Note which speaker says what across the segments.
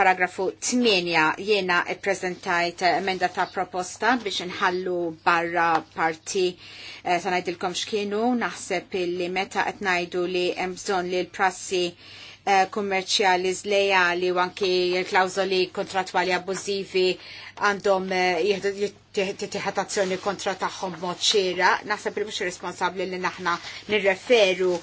Speaker 1: Paragrafu 8 jiena prezentajt eh, emenda ta' proposta biex nħallu barra parti eh, sanajdilkom xkienu naħseb li meta qed ngħidu li hemm bżonn li l-prassi eh, kummerċjali zlejali u anki klawżoli kontratwali abbużivi għandhom eh, titiħatazzjoni kontra tagħhom mod naħseb li mhux responsabli li naħna nirreferu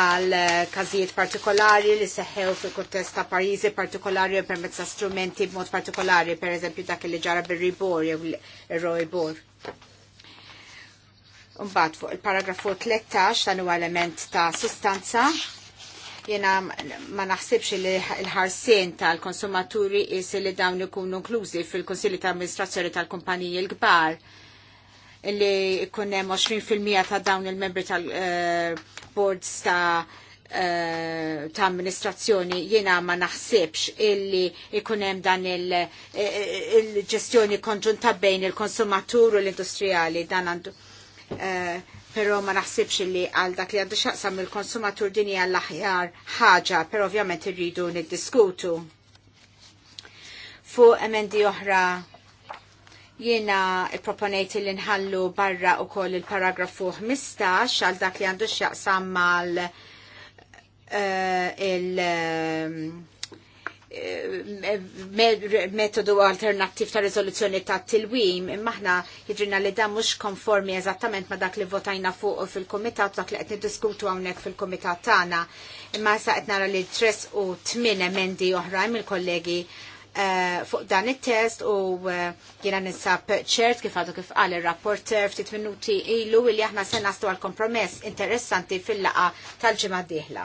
Speaker 1: għal eh, każijiet partikolari li seħħew fil kuntest ta' pajjiżi partikolari u permezz ta' strumenti b'mod partikolari, per eżempju dak li ġara bir-ribor jew ir-rojbor. Mbagħad fuq il-paragrafu 13 dan huwa element ta' sustanza jena ma naħsibx li l-ħarsien tal-konsumaturi is li dawn ikunu inklużi fil kunsilli ta' Amministrazzjoni tal-Kumpaniji l-Kbar li kunem 20% ta' dawn il-membri tal-boards eh, uh, ta' uh, ta' amministrazzjoni jiena ma naħsibx illi ikunem dan eh, il-ġestjoni il konġunta bejn il-konsumatur u l-industrijali dan għandu uh, pero ma naħsibx li għal dak li għandu xaqsam il-konsumatur dini għall aħjar ħaġa, pero ovvjament irridu niddiskutu. Fu emendi oħra Jiena proponejti li nħallu barra u koll il-paragrafu 15 għal dak li għandu xjaqsam mal eh, il eh, metodu alternativ ta' rezoluzzjoni ta' tilwim imma jidrina li da' mhux konformi eżattament ma' dak li votajna fuq fil-komitat dak li qed niddiskutu hawnhekk fil-komitat tagħna imma sa qed nara li tres u tmien emendi oħrajn il kollegi Eh, fuq dan it-test u eh, jiena nisab ċert kif għadu kif qal ir-rapporter ftit minuti ilu li aħna sen naslu għal kompromess interessanti fil-laqa tal-ġimgħa d-dieħla.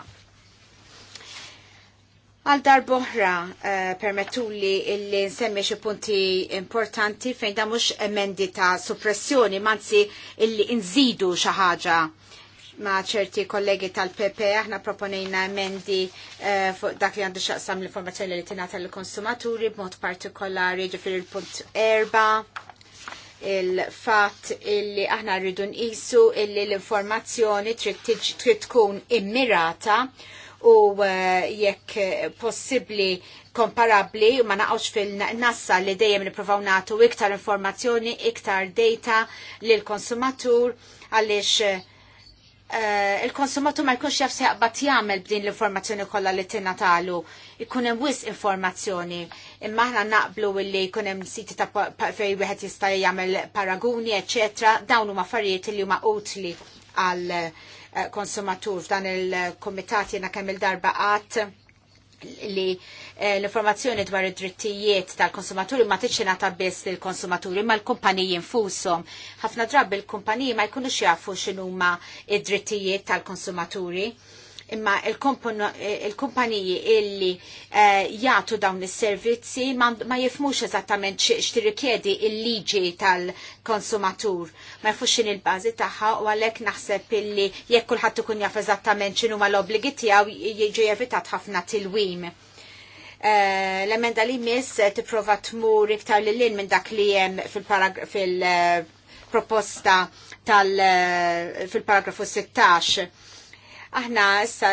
Speaker 1: Għal dar boħra eh, permettu li illi nsemmi xie punti importanti fejn da mux emendi ta' suppressjoni, manzi illi nżidu xaħġa ma' ċerti kollegi tal-PP, aħna proponejna emendi eh, fuq dak li għandu xaqsam l-informazzjoni li tingħata l-konsumaturi b'mod partikolari ġifir il-punt erba il-fat illi aħna rridu nqisu illi l-informazzjoni trid tkun immirata u uh, jekk possibbli komparabli u ma naqgħux fil-nassa li dejjem nippruvaw nagħtu iktar informazzjoni, iktar data lill konsumatur għaliex eh, Eh, il-konsumatur ma jkunx jaf seqbat jagħmel b'din l-informazzjoni kollha li talu. Ikun hemm wisq informazzjoni. Imma aħna naqblu illi jkun hemm siti ta' fejn wieħed jista' jagħmel paraguni, eċetera, dawn huma affarijiet li huma utli għal eh, konsumatur f'dan il-kumitat jena kemm il-darba qatt li eh, l-informazzjoni dwar id-drittijiet tal-konsumaturi ma ta' biss lill-konsumaturi ma l-kumpaniji infushom. Ħafna drabi l-kumpaniji ma jkunux jafu x'inhuma id-drittijiet tal-konsumaturi imma eh, il-kumpaniji illi eh, jagħtu dawn is-servizzi ma jifmux eżattament x'tirrikjedi il-liġi tal-konsumatur. Ma jfux xin il-bażi tagħha u għalhekk naħseb illi jekk kulħadd ikun jaf eżattament x'inhuma l-obbligi tiegħu jiġu jevitat ħafna tilwim. Uh, l-emenda li miss tiprofa tmur iktar li lin minn dak li jem fil-proposta fil tal- fil-paragrafu 16 Aħna issa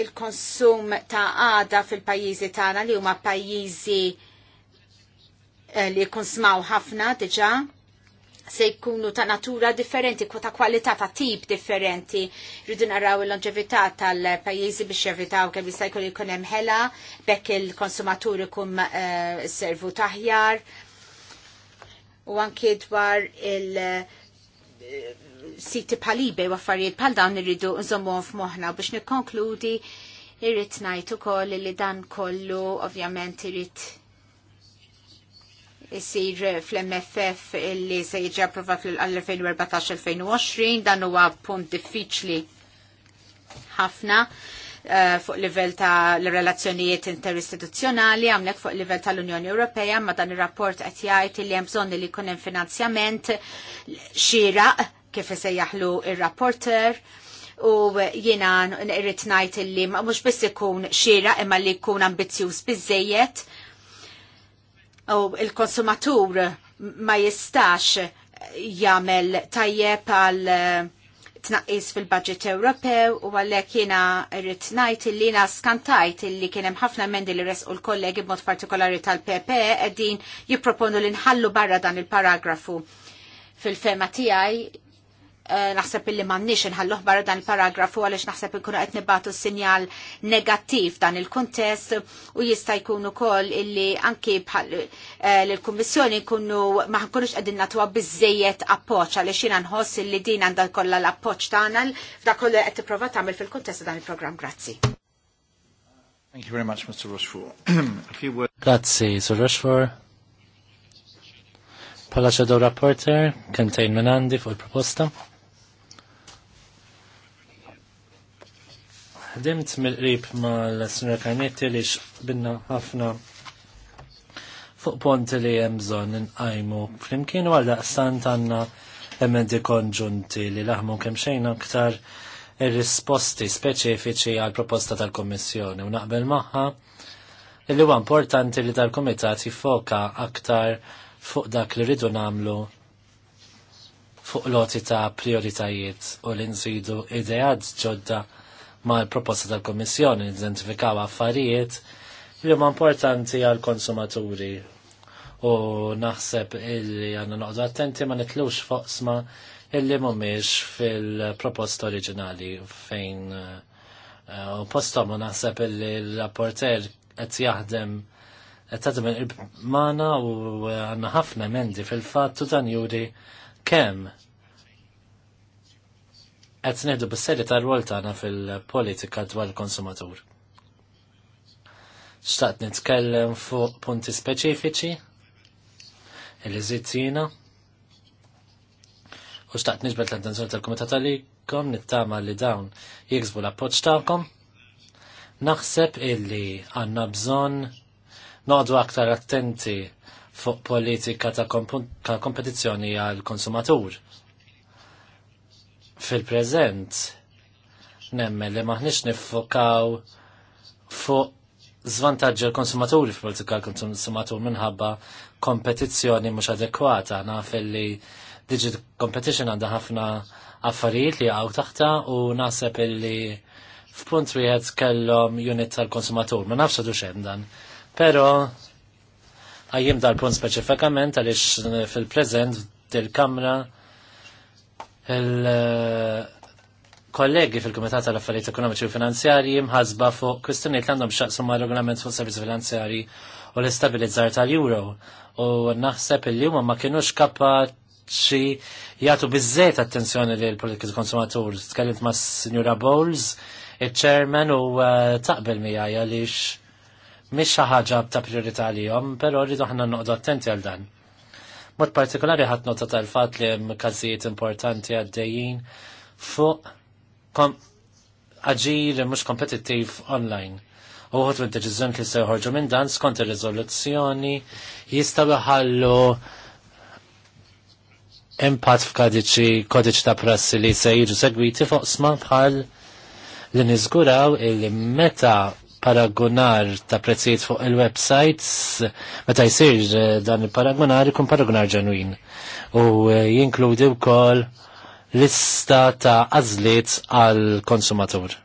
Speaker 1: il-konsum ta' għada fil-pajjiżi tagħna li huma pajjiżi eh, li konsmaw ħafna diġa', se jkunu ta' natura differenti, ta' kwalità ta' tip differenti. Rridu naraw il-longevità tal-pajjiżi biex jevitaw kemm jista' jkun jkun hemm ħela, bekk il-konsumatur ikun uh, eh, servu taħjar. U anki dwar il- siti palibe u affarijiet pal dawn irridu nżommu f'moħħna biex nikkonkludi irrid ngħid ukoll li dan kollu ovvjament irrid isir fl-MFF illi se jiġi approvat fl 2014 2020 dan huwa punt diffiċli ħafna uh, fuq livell ta' l-relazzjonijiet interistituzzjonali, għamlek fuq livell tal-Unjoni Ewropea, ma dan ir rapport qed jgħid li hemm bżonn li jkun hemm finanzjament xieraq kif se jaħlu il rapporter u jiena irrit najt illi mux biss ikun xira imma li jkun ambizjuż bizzejiet u il-konsumatur ma jistax jagħmel tajjeb għal eh, tnaqqis fil-budget Ewropew u għallek jiena irrit najt illi jiena skantajt illi kien hemm ħafna mendi li resqu l-kollegi b'mod partikolari tal-PP qegħdin jipproponu li nħallu barra dan il-paragrafu fil-fema tiegħi Eh, naħseb illi mannix nħalluħ barra dan il-paragrafu għalix naħseb ikunu qed nibatu sinjal negattiv dan il-kontest u jista' jkunu kol illi anki eh, l-Kummissjoni nkunu ma nkunux qegħdin nagħtuha appoċ appoġġ għaliex jiena nħoss illi din għandha kolla l-appoġġ tagħna f'dak kollu qed tipprova tagħmel fil kontest dan il-programm. Grazzi.
Speaker 2: Thank you very much, Mr. Rochefort. Grazzi, Sir Rochefort. Pala ċedaw rapporter, kentejn Menandi, fuq il-proposta. Ħdimt mill-qrib mal sinjor Karnetti li xbinna ħafna fuq pont li hemm bżonn inqajmu flimkien għal daqstant għandna emendi konġunti li laħmu kemm xejn aktar ir-risposti speċifiċi għal proposta tal-Kommissjoni u naqbel magħha li huwa importanti li tal-Kumitat jifoka aktar fuq dak li rridu nagħmlu fuq loti ta' prioritajiet u li nżidu ideat ġodda ma' proposta tal-Komissjoni identifikaw affarijiet li huma importanti għal konsumaturi u naħseb illi għanna noqdu attenti ma nitlux foqsma illi mumiex fil-proposta oriġinali fejn eh, u postom u naħseb illi l-rapporter qed jaħdem qed taħdem il-mana u għandna ħafna emendi fil-fatt u dan juri kemm qed ngħidu bis-seri tar-rwol tagħna fil-politika dwar l konsumatur Xtaqt nitkellem fuq punti speċifiċi li żittina u xtaqt niġbet l-attenzjoni tal-Kumitat għalikom nittama li dawn jiksbu l-appoġġ tagħkom. Naħseb illi għandna bżonn noqdu aktar attenti fuq politika ta' kompetizzjoni għal konsumatur fil-preżent nemmen li maħniex niffokaw fuq zvantaġġi l-konsumaturi fil-politika l-konsumatur minħabba kompetizzjoni mhux adekwata naf li digit competition għandha ħafna affarijiet li għaw taħta u naħseb illi f'punt wieħed kellhom unit tal-konsumatur, ma nafx għadu xem dan. Però għajjim dal-punt speċifikament għaliex fil-preżent dil-kamra kollegi fil-Komitat tal-Affarijiet Ekonomiċi u Finanzjarji mħazba fuq kwistjonijiet li għandhom xaqsu ma' regolament fuq servizz finanzjarji u l-istabilizzar tal-euro u naħseb il huma ma kienux kapaċi jagħtu biżejt attenzjoni lil politika konsumatur. Tkellimt ma' Signora Bowles, iċ-chairman u uh, taqbel miegħi għaliex mhix xi ħaġa ta' priorità jom, però rridu aħna noqdu attenti għal dan. Mod partikolari ħadd nota tal-fatt li hemm każijiet importanti għaddejjin fuq aġir mhux kompetittiv online. Uħut minn deċiżjoni li se joħorġu minn dan skont ir-riżoluzzjoni jistgħu jħallu impatt f'kadiċi kodiċ ta' prassi li se jiġu segwiti fuq sman bħal li niżguraw illi meta paragonar ta' prezzijiet fuq il-websites meta jsir eh, dan il-paragonar ikun paragonar ġenwin u eh, jinkludi wkoll lista ta' għażliet għal konsumatur.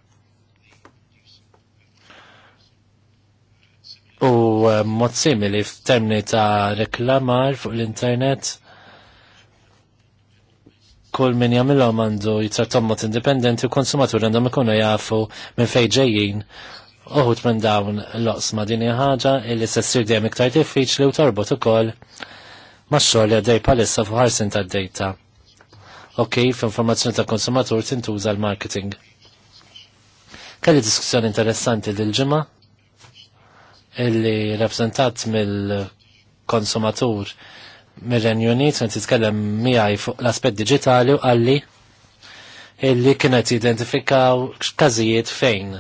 Speaker 2: U eh, mod simili f'termini ta' reklamar fuq l-internet kull min jagħmilhom għandu jitrattom mod indipendenti u konsumatur għandhom ikunu jafu minn fejn ġejjin uħut minn dawn l-osma din ħaġa illi s-sir dejjem iktar diffiċli u torbot ukoll ma' xogħol li għaddej palissa fuq ħarsin tad-dejta. U kif informazzjoni ta' konsumatur tintuża l-marketing. Kelli diskussjoni interessanti dil-ġimgħa illi rappresentat mill-konsumatur mir-Renju Unit minn titkellem miegħi fuq l-aspett diġitali u qalli illi kienet jidentifikaw każijiet fejn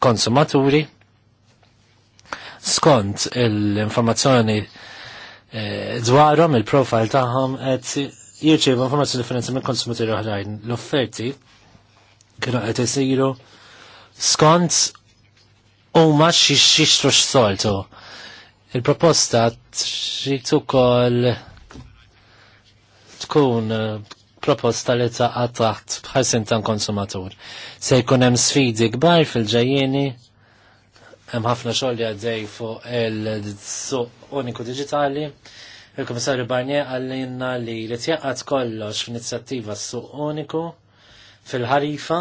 Speaker 2: konsumaturi skont l-informazzjoni eh, dwarhom il-profile tagħhom qed jirċievu informazzjoni differenza minn konsumaturi oħrajn. L-offerti kienu qed isiru skont huma xi xixtru x'soltu. Il-proposta trid ukoll tkun eh, proposta li taqa' taħt bħalsin tan konsumatur. Se jkun hemm sfidi kbar fil-ġejjieni hemm ħafna xogħol li għaddej fuq il-suq uniku diġitali. Il-Komissarju Barnier għallinna li li tjaqqat kollox f'inizjattiva suq uniku fil-ħarifa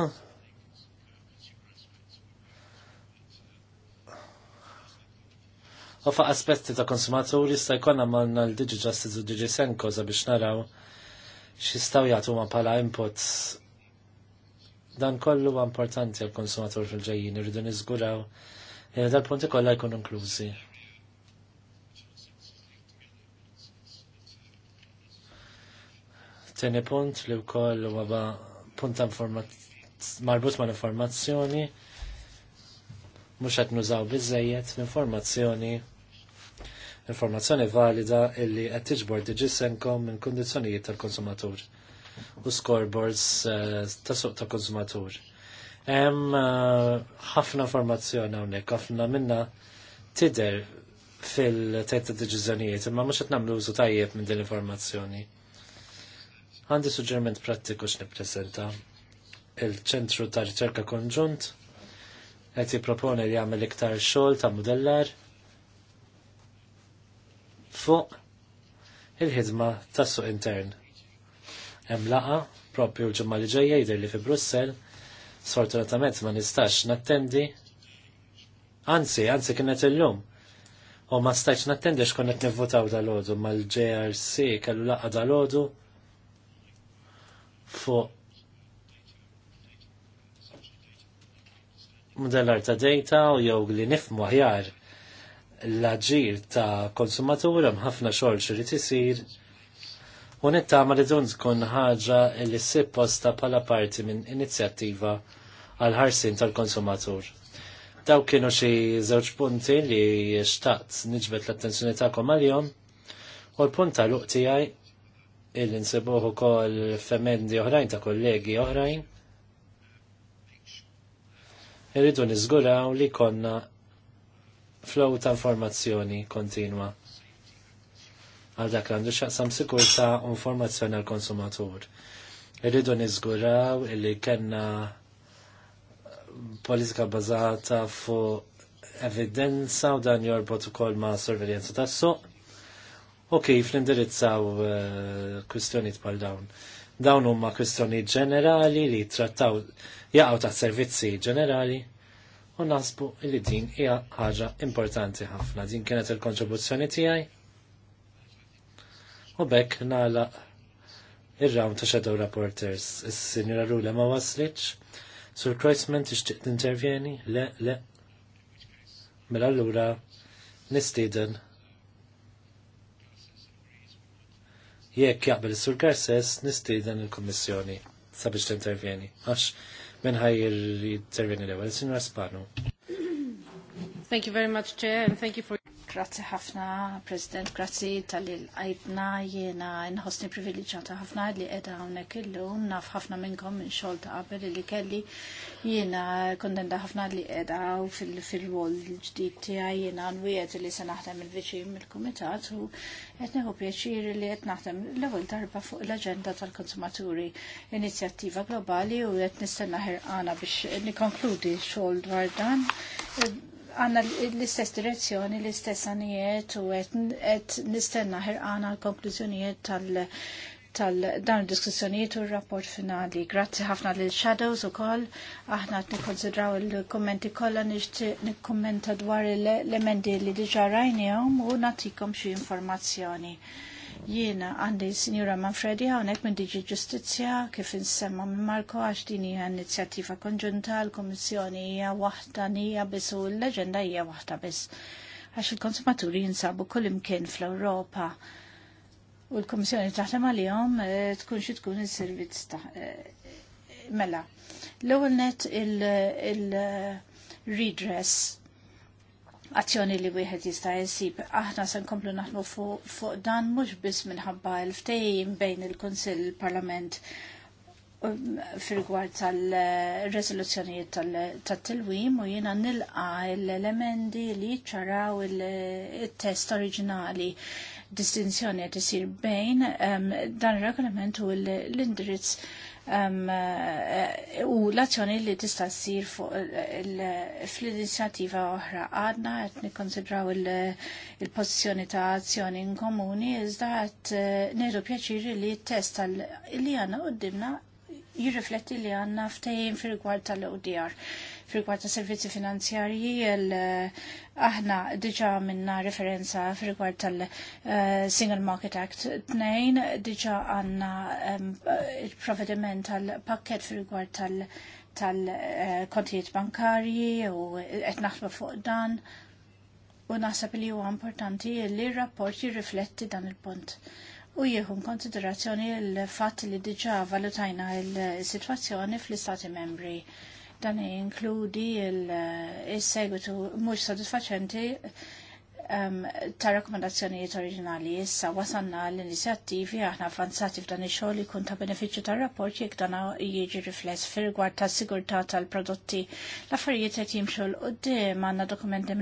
Speaker 2: U fa' aspetti ta' konsumaturi sta' jkonna manna l-Digi Justice u Digi za biex naraw xistaw jgħatu ma pala inputs dan kollu huwa importanti għal konsumatur fil-ġejjin, irridu niżguraw li dal-punti kollha jkunu inklużi. Teni punt li wkoll huwa punt marbut ma' l-informazzjoni mhux qed nużaw biżejjed l-informazzjoni informazzjoni valida illi qed tiġbor diġisenkom minn kundizzjonijiet tal-konsumatur u scoreboards eh, ta' suq ta' konsumatur. Hemm eh, ħafna informazzjoni hawnhekk, ħafna minna tidher fil-tejt ta' deċiżjonijiet, imma mhux qed nagħmlu użu tajjeb minn din l-informazzjoni. Għandi suġġerment prattiku x'nippreżenta. Il-ċentru ta' riċerka konġunt qed jipproponi li jagħmel iktar xogħol ta' modellar fuq il-ħidma tas-suq intern. Hemm laqa propju l-ġimgħa li ġejja jidher li fi Brussell, sfortunatament ma nistax nattendi. Anzi, anzi kienet illum. U ma stajx nattendi konna qed nivvotaw dal mal-JRC kellu laqa dal fuq modellar ta' data u jew li nifmu aħjar l-aġir ta' konsumatura mħafna xogħol xirrid isir u nittama li dun tkun ħaġa li sipposta pala parti minn inizjattiva għal ħarsin tal-konsumatur. Daw kienu xi żewġ punti li xtaqt niġbet l-attenzjoni tagħkom għal-jom u l-punt tal-uq tiegħi illi nsibuħu kol femendi oħrajn ta' kollegi oħrajn. Irridu nizguraw li konna flow ta' informazzjoni kontinwa għal dak għandu xaqsam sikur ta' informazzjoni għal konsumatur. Irridu nizguraw illi kena politika bazata fu evidenza u dan jorbot ukoll ma' sorveljenza tas suq u kif nindirizzaw eh, kwistjonijiet bħal dawn. Dawn huma kwistjonijiet ġenerali li trattaw jaqgħu ta' servizzi ġenerali u nasbu li din hija ħaġa importanti ħafna. Din kienet il-kontribuzzjoni tiegħi. U bekk nagħlaq ir-round ta' Shadow Reporters. Is-Sinjura Rule ma waslitx. Sur Kreuzman tixtieq tintervjeni? Le, le. Mela allura nistieden jekk jaqbel is-Sur Garces nistieden il-Kummissjoni sabiex tintervjeni. Għax minn ħajr intervjeni l-ewel, Sinra Spanu.
Speaker 3: Thank you very much, Chair, and thank you for... Grazzi ħafna, President, grazzi tal-għajdna jena nħosni privileġata ħafna li edha għonek illum, naf ħafna minnkom minn xol ta' qabel li kelli jena kondenda ħafna li edha fil-wol ġdid tijaj jena nwijet li se naħdem il-vicin mill-komitat u neħu pjaċir li qed naħdem l-ewwel darba fuq l-aġenda tal-konsumaturi inizjattiva globali u qed nistenna ħirqana biex nikkonkludi xogħol dwar dan għanna l-istess direzzjoni, l-istess għanijiet u għet nistenna ħirqana l-konklużjonijiet tal- tal-dan diskussjonijiet u r-rapport finali. Grazzi ħafna l shadows u koll, aħna għet nikonsidraw l kommenti kolla nikkommenta dwar l-emendi li diġa għom u natikom xie informazzjoni. Jiena għandi Sinjura Manfredi hawnhekk minn Diġi Ġustizzja kif insemma minn Marko għax din hija inizjattiva konġunta l-Kummissjoni hija waħda nija biss u l-leġenda hija waħda biss. Għax il-konsumaturi jinsabu kull imkien fl-Ewropa u l-Kummissjoni taħdem għalihom eh, tkun xi tkun is-servizz ta' eh, mela. L-ewwel net il-redress eh, azzjoni li wieħed jista' jsib. Aħna se nkomplu naħdmu fuq dan mhux biss minħabba l-ftehim bejn il-Kunsill il-Parlament um, fil-gwar tal-resoluzzjonijiet tal-tilwim u jiena nilqa l-elementi li ċaraw il-test oriġinali distinzjoni qed isir bejn dan ir-regolament u l-indirizz eh, u l-azzjoni li tista' ssir fl-inizjattiva oħra għadna qed nikkonsidraw il pozizjoni ta' azzjoni inkomuni iżda qed eh, ngħidu pjaċiri li t-test li għanna għoddimna jirrifletti li għandna ftehim fil rigward tal-ODR Frigward ta' servizzi finanzjarji, eh, aħna diġa minna referenza frigward tal-Single eh, Market Act 2, diġa għanna eh, il-provediment tal-pakket frigward tal-kontijiet bankarji u etnaħsba fuq dan u naħseb li huwa importanti li r-rapport jirrifletti dan il-punt. U jieħu konsiderazzjoni l-fatt li diġa valutajna il-situazzjoni fl-Istati membri Dan jinkludi eh, il-segwitu mhux sodisfaċenti um, ta' rakkomandazzjonijiet oriġinali issa wasanna l-inizjattivi aħna avanzati f'dan ix-xogħol ikun ta' benefiċċju tar-rapport jekk dan jiġi rifless fil-gwart tas-sigurtà tal-prodotti. L-affarijiet qed jimxu l qudiem għandna dokument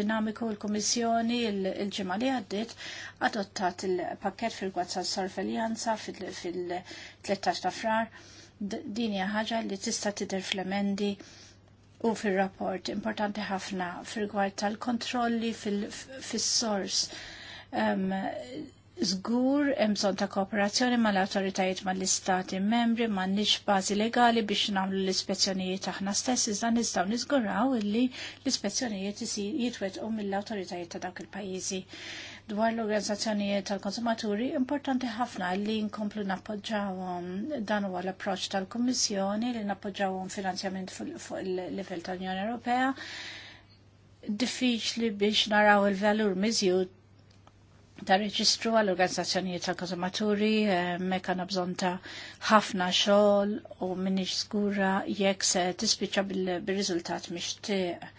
Speaker 3: dinamiku l-Kummissjoni il-ġimgħa li għaddiet adottat il-pakkett fil gwart tas-sorveljanza fil-13 ta' frar din hija ħaġa li tista' tidher fl-emendi u fil-rapport importanti ħafna fil-gwar tal-kontrolli fil-sors. Um, Zgur hemm bżonn ta' kooperazzjoni mal-awtoritajiet mal-istati membri m'għandniex bażi legali biex nagħmlu l-ispezzjonijiet aħna stess iżda nistgħu nizguraw illi l-ispezzjonijiet jitwetqu mill-awtoritajiet ta' dawk il-pajjiżi dwar l-organizzazzjonijiet tal-konsumaturi importanti ħafna li nkomplu nappoġġawhom dan huwa l-approċċ tal-Kummissjoni li nappoġġawhom finanzjament fuq il-livell tal-Unjoni Ewropea. Diffiċli biex naraw il-valur miżjud ta' reġistru għall organizzazzjonijiet tal konsumaturi eh, mekan bżon ta' ħafna xogħol u minix skura jekk se tispiċċa bil-riżultat mixtieq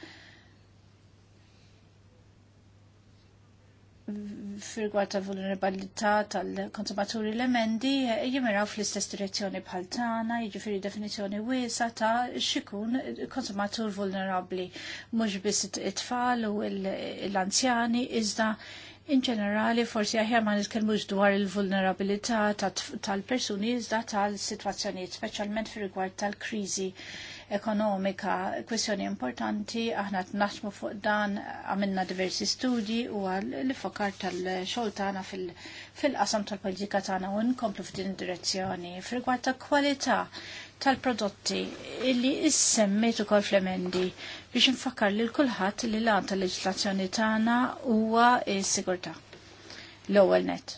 Speaker 3: fil vulnerabilità tal-konsumaturi l-emendi jimiraw fl-istess direzzjoni bħal tagħna, jiġifieri definizzjoni wiesa ta' xikun konsumatur vulnerabbli, mhux biss it-tfal u l-anzjani iżda in ġenerali forsi aħjar ma nitkellmux dwar il-vulnerabilità tal-persuni iżda tal-sitwazzjonijiet, speċjalment fir rigward tal-kriżi ekonomika. Kwestjoni importanti, aħna t-naxmu fuq dan, għamilna diversi studji u l-fokar tal-xol tana fil-qasam tal-politika tana u nkomplu f'din direzzjoni. F'rigward ta' kwalità tal-prodotti illi issemmet ukoll fl-emendi biex nfakkar l kulħadd li l-għan tal-leġislazzjoni tagħna huwa s-sigurtà. L-ewwel net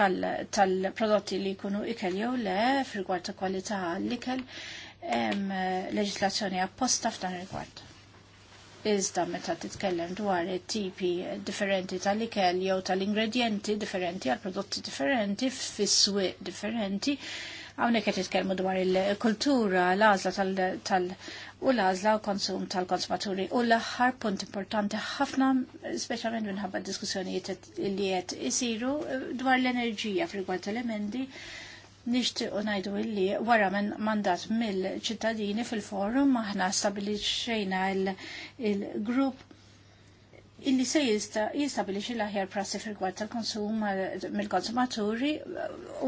Speaker 3: tal-prodotti li jkunu ikel jew le f'rigward ta' kwalità l-ikel hemm eh, leġislazzjoni apposta f'dan il-kwart. Iżda meta titkellem dwar it tipi differenti tal-ikel jew tal-ingredienti differenti għal prodotti differenti fis-swieq differenti, hawnhekk qed titkellmu dwar il-kultura, l-għażla tal-, u l-għażla u konsum tal-konsumaturi. U l-aħħar punt importanti ħafna, speċjalment minħabba diskussjonijiet li qed isiru eh, dwar l-enerġija fil-gwalt elementi, Nixtiequ ngħidu illi wara minn mandat mill-ċittadini fil-forum aħna stabilixxejna il-grupp illi se jistabilixi l-aħjar prassi fil tal-konsum mill-konsumaturi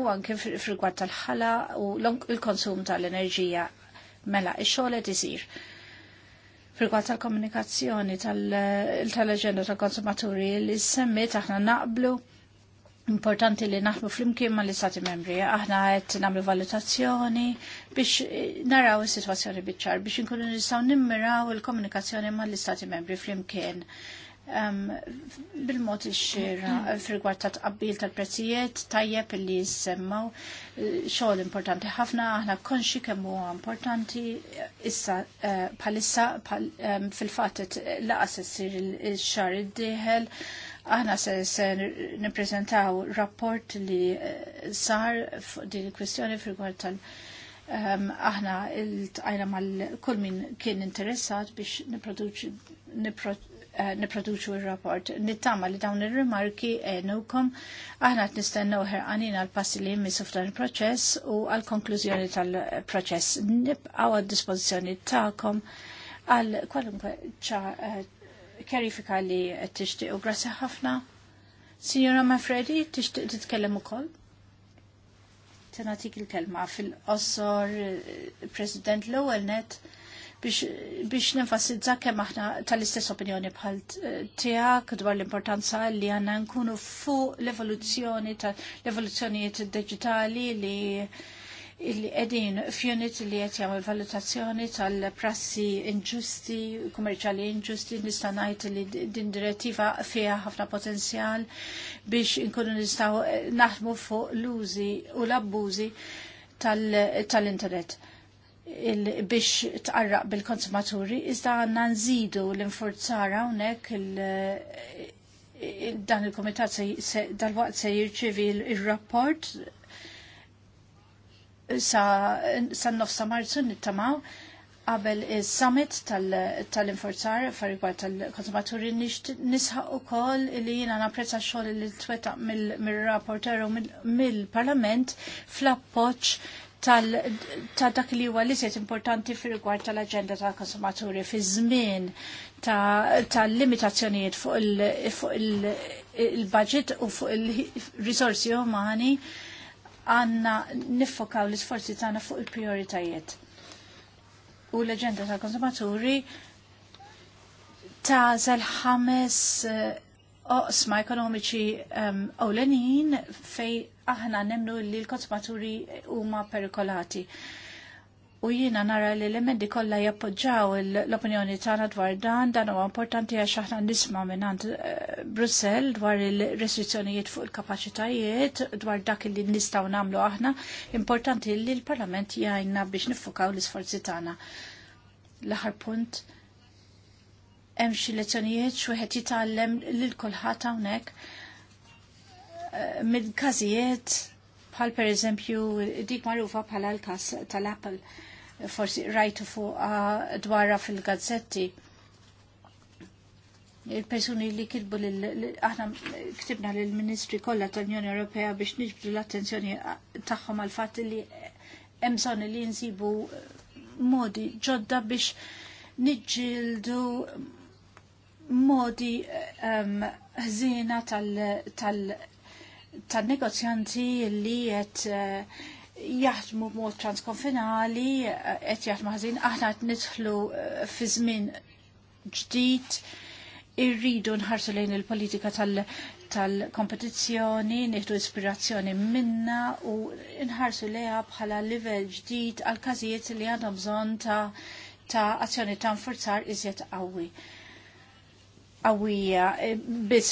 Speaker 3: u anke fil tal-ħala u l-konsum tal-enerġija mela ix-xogħol qed isir. fil tal-komunikazzjoni tal-aġenda tal-konsumaturi li semmi aħna naqblu importanti li naħmu flimkien ma l-istati membri. Aħna għed namlu valutazzjoni biex eh, naraw il-situazzjoni bieċar, biex nkunu nistaw nimmiraw il-komunikazzjoni ma l-istati membri flimkien. Um, Bil-mod il-xira, fil-gwar ta' tqabbil tal-prezzijiet, tajjeb li jissemmaw eh, xogħol importanti ħafna, aħna konxi kemm huwa importanti issa eh, palissa ehm, fil-fatet laqas issir il-xar id-dieħel. il xar id dieħel il xar id Aħna se nippreżentaw rapport li eh, sar din il-kwistjoni fil tal- Um, aħna il-tajna mal-kull min kien interessat biex eh, niproduċu il-rapport. Nittama li dawn il-rimarki nukom aħna t-nistennu ħerqanin għal-passi li jimmi f'dan il-proċess u għal-konklużjoni tal-proċess. Nibqaw għad-dispozizjoni ta'kom għal kwalunkwe eh, kerifika li t-tixtiq u grasa ħafna. Signora Manfredi, t-tixtiq t-tkellem u koll? il-kelma fil ossor eh, President l-ewel net biex nenfasizza kemm aħna tal-istess opinjoni bħal tiegħek dwar l-importanza li għandna nkunu fuq l-evoluzzjoni tal evoluzzjoni digitali li illi edin f'unit li qed jagħmel valutazzjoni tal-prassi inġusti, kummerċjali inġusti, nista' ngħid li din direttiva fiha ħafna potenzjal biex inkunu nistgħu eh, naħdmu fuq l-użi u l-abbużi tal-internet biex tqarraq bil-konsumaturi, iżda għandna nżidu l-infurzar hawnhekk dan il-komitat dal-waqt se jirċivi il-rapport sa' nofsa marzu nittamaw qabel is-summit tal-inforzar tal farigwar tal-konsumaturi nisħaq ukoll li jiena napprezza xogħol li twetaq mill-rapporter mill-Parlament fl-appoġġ ta' dak li huwa li importanti fir tal-aġenda tal-konsumaturi fi żmien tal-limitazzjonijiet fuq il-budget u fuq il-risorsi umani għanna niffokaw l-isforzi tagħna fuq il-prioritajiet. U l-Aġenda tal-Konsumaturi zal ħames eh, oqsma ekonomiċi ewlenin um, fej aħna nemnu li l-konsumaturi huma perikolati u jiena nara li l-emendi kollha jappoġġaw l-opinjoni tagħna dwar dan dan huwa importanti għax aħna nisma' mingħand eh, Brussell dwar il-restrizzjonijiet fuq il-kapaċitajiet dwar dak li nistgħu nagħmlu aħna, importanti li l-Parlament jajna biex nifukaw l-isforzi tagħna. L-aħħar punt hemm xi lezzjonijiet x'wieħed jitallem lil kulħadd hawnhekk eh, mill-każijiet bħal per eżempju dik magħrufa bħala l-każ tal-Apple forsi rajtu fu dwarra fil-gazzetti. Il-persuni li kitbu aħna ktibna l-Ministri kollha tal-Unjoni Ewropea biex niġbdu l-attenzjoni tagħhom għal fatt li hemm bżonn li nsibu modi ġodda biex niġġieldu modi ehm, ħżina tal-negozjanti li qed eh, jaħdmu b'mod transkonfinali, qed jaħdmu ħażin, aħna qed nidħlu eh, fi żmien ġdid, irridu nħarsu lejn il-politika tal-kompetizzjoni, tal nieħdu ispirazzjoni minna u nħarsu lejha bħala livell ġdid għal każijiet li għandhom bżonn ta' ta' azzjoni ta' nfurzar iżjed qawwi Għawija, eh, biss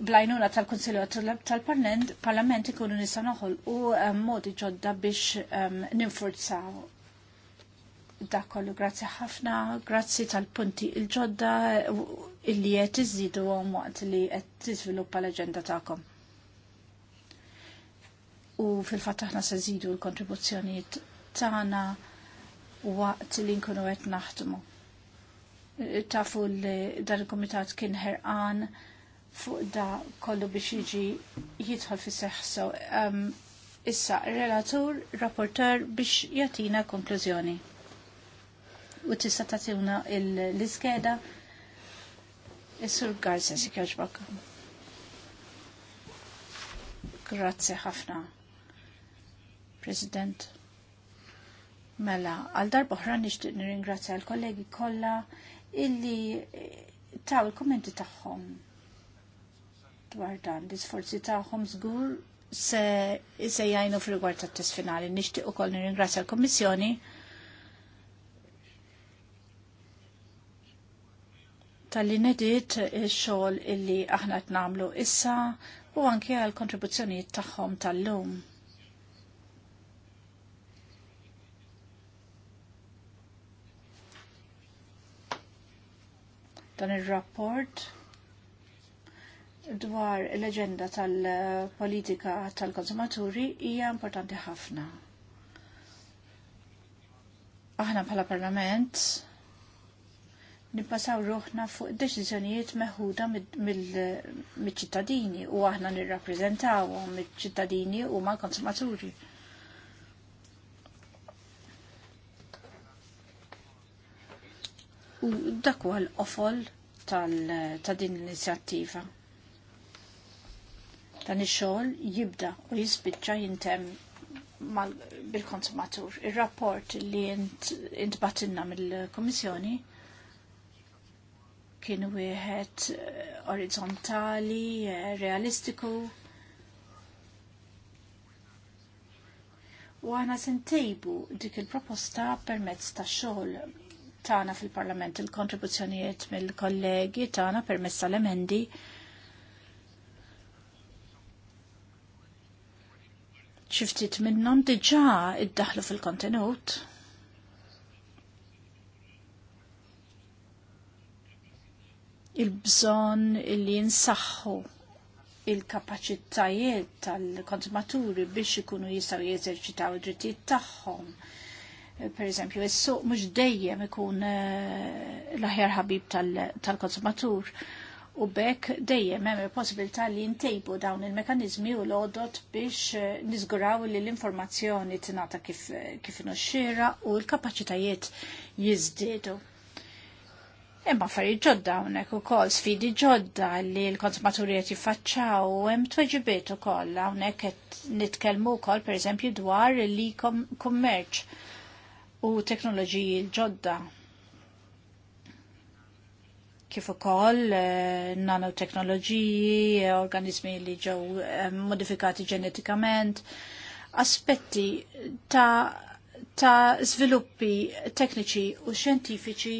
Speaker 3: blajnuna tal-Konsilju tal-Parlament Parlament ikunu nisa noħol u eh, modi ġodda biex eh, ninfurzaw dakollu. Grazzi ħafna, grazzi tal-punti il-ġodda eh, illi qed iżidu għom waqt li qed tiżviluppa l-aġenda tagħkom. U fil-fatt aħna se żidu l-kontribuzzjonijiet tagħna waqt li nkunu qed naħdmu tafu li dan il-komitat kien ħerqan fuq da kollu biex jiġi jidħol fi seħħso. Um, issa, relatur, rapporter biex jatina konklużjoni. U tista tagħtina l-iskeda is-sur Garza si kjoġbak. Grazzi ħafna, President. Mela, għal darba oħra nixtieq nirringrazzja l-kollegi kollha illi taw il-kommenti tagħhom dwar dan. L-isforzi tagħhom żgur se jajnu fil-rigward tat-test finali. Nixtieq ukoll nirringrazzja l-Kommissjoni tal-li nedit il-xogħol illi aħna qed nagħmlu issa u anke għal kontribuzzjonijiet tagħhom tal-lum. Dan ir rapport dwar l-agenda tal-politika tal-konsumaturi hija importanti ħafna. Aħna bħala parlament nipasaw ruħna fuq deċiżjonijiet meħuda mill-ċittadini u aħna nirrappreżentawhom mill-ċittadini u mal-konsumaturi. U dak huwa l-qofol tal-din l-inizjattiva dan ix-xogħol jibda u jispiċċa jintem bil-konsumatur. Ir-rapport li batinna mill-Kummissjoni kien wieħed eh, orizzontali, eh, realistiku, u għana sentejbu dik il-proposta permezz ta' xogħol tagħna fil-Parlament il-kontribuzzjonijiet mill-kollegi tagħna permezz tal-emendi Xi ftit minnhom diġà iddaħlu fil-kontenut. il-bżon li jinsaxħu il-kapacitajiet tal-konsumaturi biex ikunu jistaw jeżerċitaw id-drittijiet tagħhom. Per eżempju, is-suq mhux dejjem ikun eh, l-aħjar ħabib tal-konsumatur. Tal u bekk dejjem hemm il-possibilità li ntejbu dawn il-mekanizmi u l-odot biex eh, niżguraw li l-informazzjoni tingħata kif eh, kif u l-kapaċitajiet jiżdiedu. Imma affarijiet ġodda hawnhekk ukoll sfidi ġodda li l-konsumaturi qed jiffaċċaw u hemm tweġibiet ukoll hawnhekk qed nitkellmu wkoll pereżempju dwar e kummerċ u teknoloġiji ġodda kif ukoll eh, nanoteknoloġiji, eh, organizmi li ġew eh, modifikati ġenetikament, aspetti ta', ta sviluppi tekniċi u xjentifiċi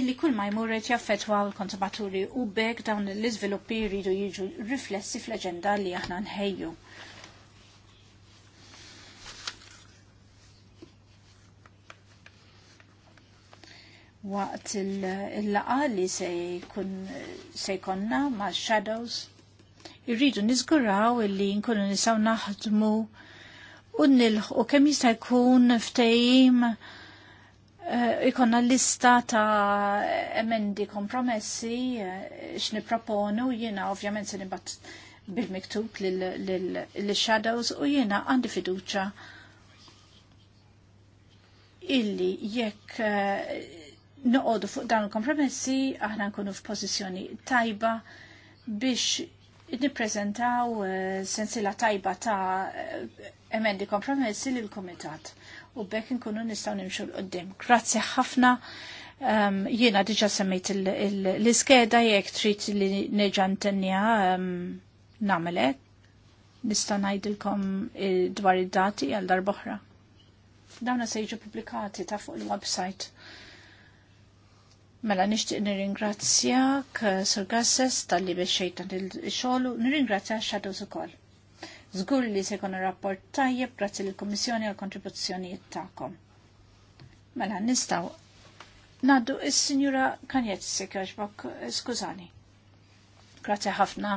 Speaker 3: illi kull ma jmur qed jaffettwa l-konsumaturi u bekk dawn l-iżviluppi jridu jiġu riflessi fl-aġenda li aħna nħejju. waqt il-laqa li se jkonna ma' shadows irridu nizguraw illi nkunu nisaw naħdmu u nilħu kemm jista' jkun ftehim ikonna eh, lista ta' emendi kompromessi eh, proponu jiena ovvjament se nibat bil-miktub lill-shadows u jiena għandi fiduċa illi jekk eh, noqogħdu fuq dawn il-kompromessi aħna nkunu f'pożizzjoni tajba biex nippreżentaw eh, sensila tajba ta' eh, emendi kompromessi lil komitat u bekk nkunu nistgħu nimxu l-qoddim. Grazzi ħafna. Um, jiena diġa semmejt l-iskeda jekk trid li neġan ntennija um, ehm, namelek nista' ngħidilkom eh, dwar id-dati għal darb'oħra. Dawna se jiġu pubblikati ta' fuq il-website. Mela nixtieq k eh, Sur Gasses tal-li bexxejtan il-xogħol u nirringrazzja Shadows ukoll. Żgur li se jkun rapport tajjeb grazzi lill kummissjoni għal kontribuzzjonijiet tagħkom. Mela nistgħu Naddu il sinjura Kanjet bok, eh, skużani. Grazzi ħafna.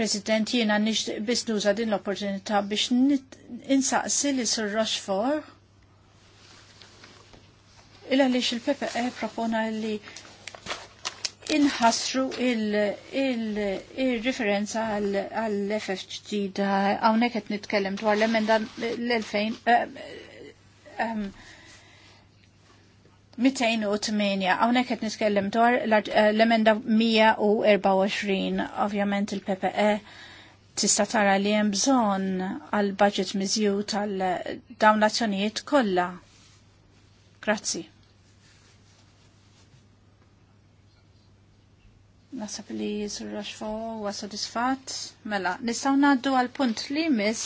Speaker 3: President, jiena nishtiq bisnuża din l-opportunità biex insaqsi li Sur Rochefort il li il-PPE propona li inħasru il-referenza għall-FFG da għawnek għet nitkellem dwar l-emenda l-2000 208, għawnek għet nitkellem dwar eh, l-emenda 124, ovvjament il-PPE tista tara li hemm bżonn għal budget miżju tal dawnazzjonijiet kollha. Grazzi. Nasab li Sur Rochefort għasodisfat. sodisfatt. Mela, nistgħu naddu għal punt li mis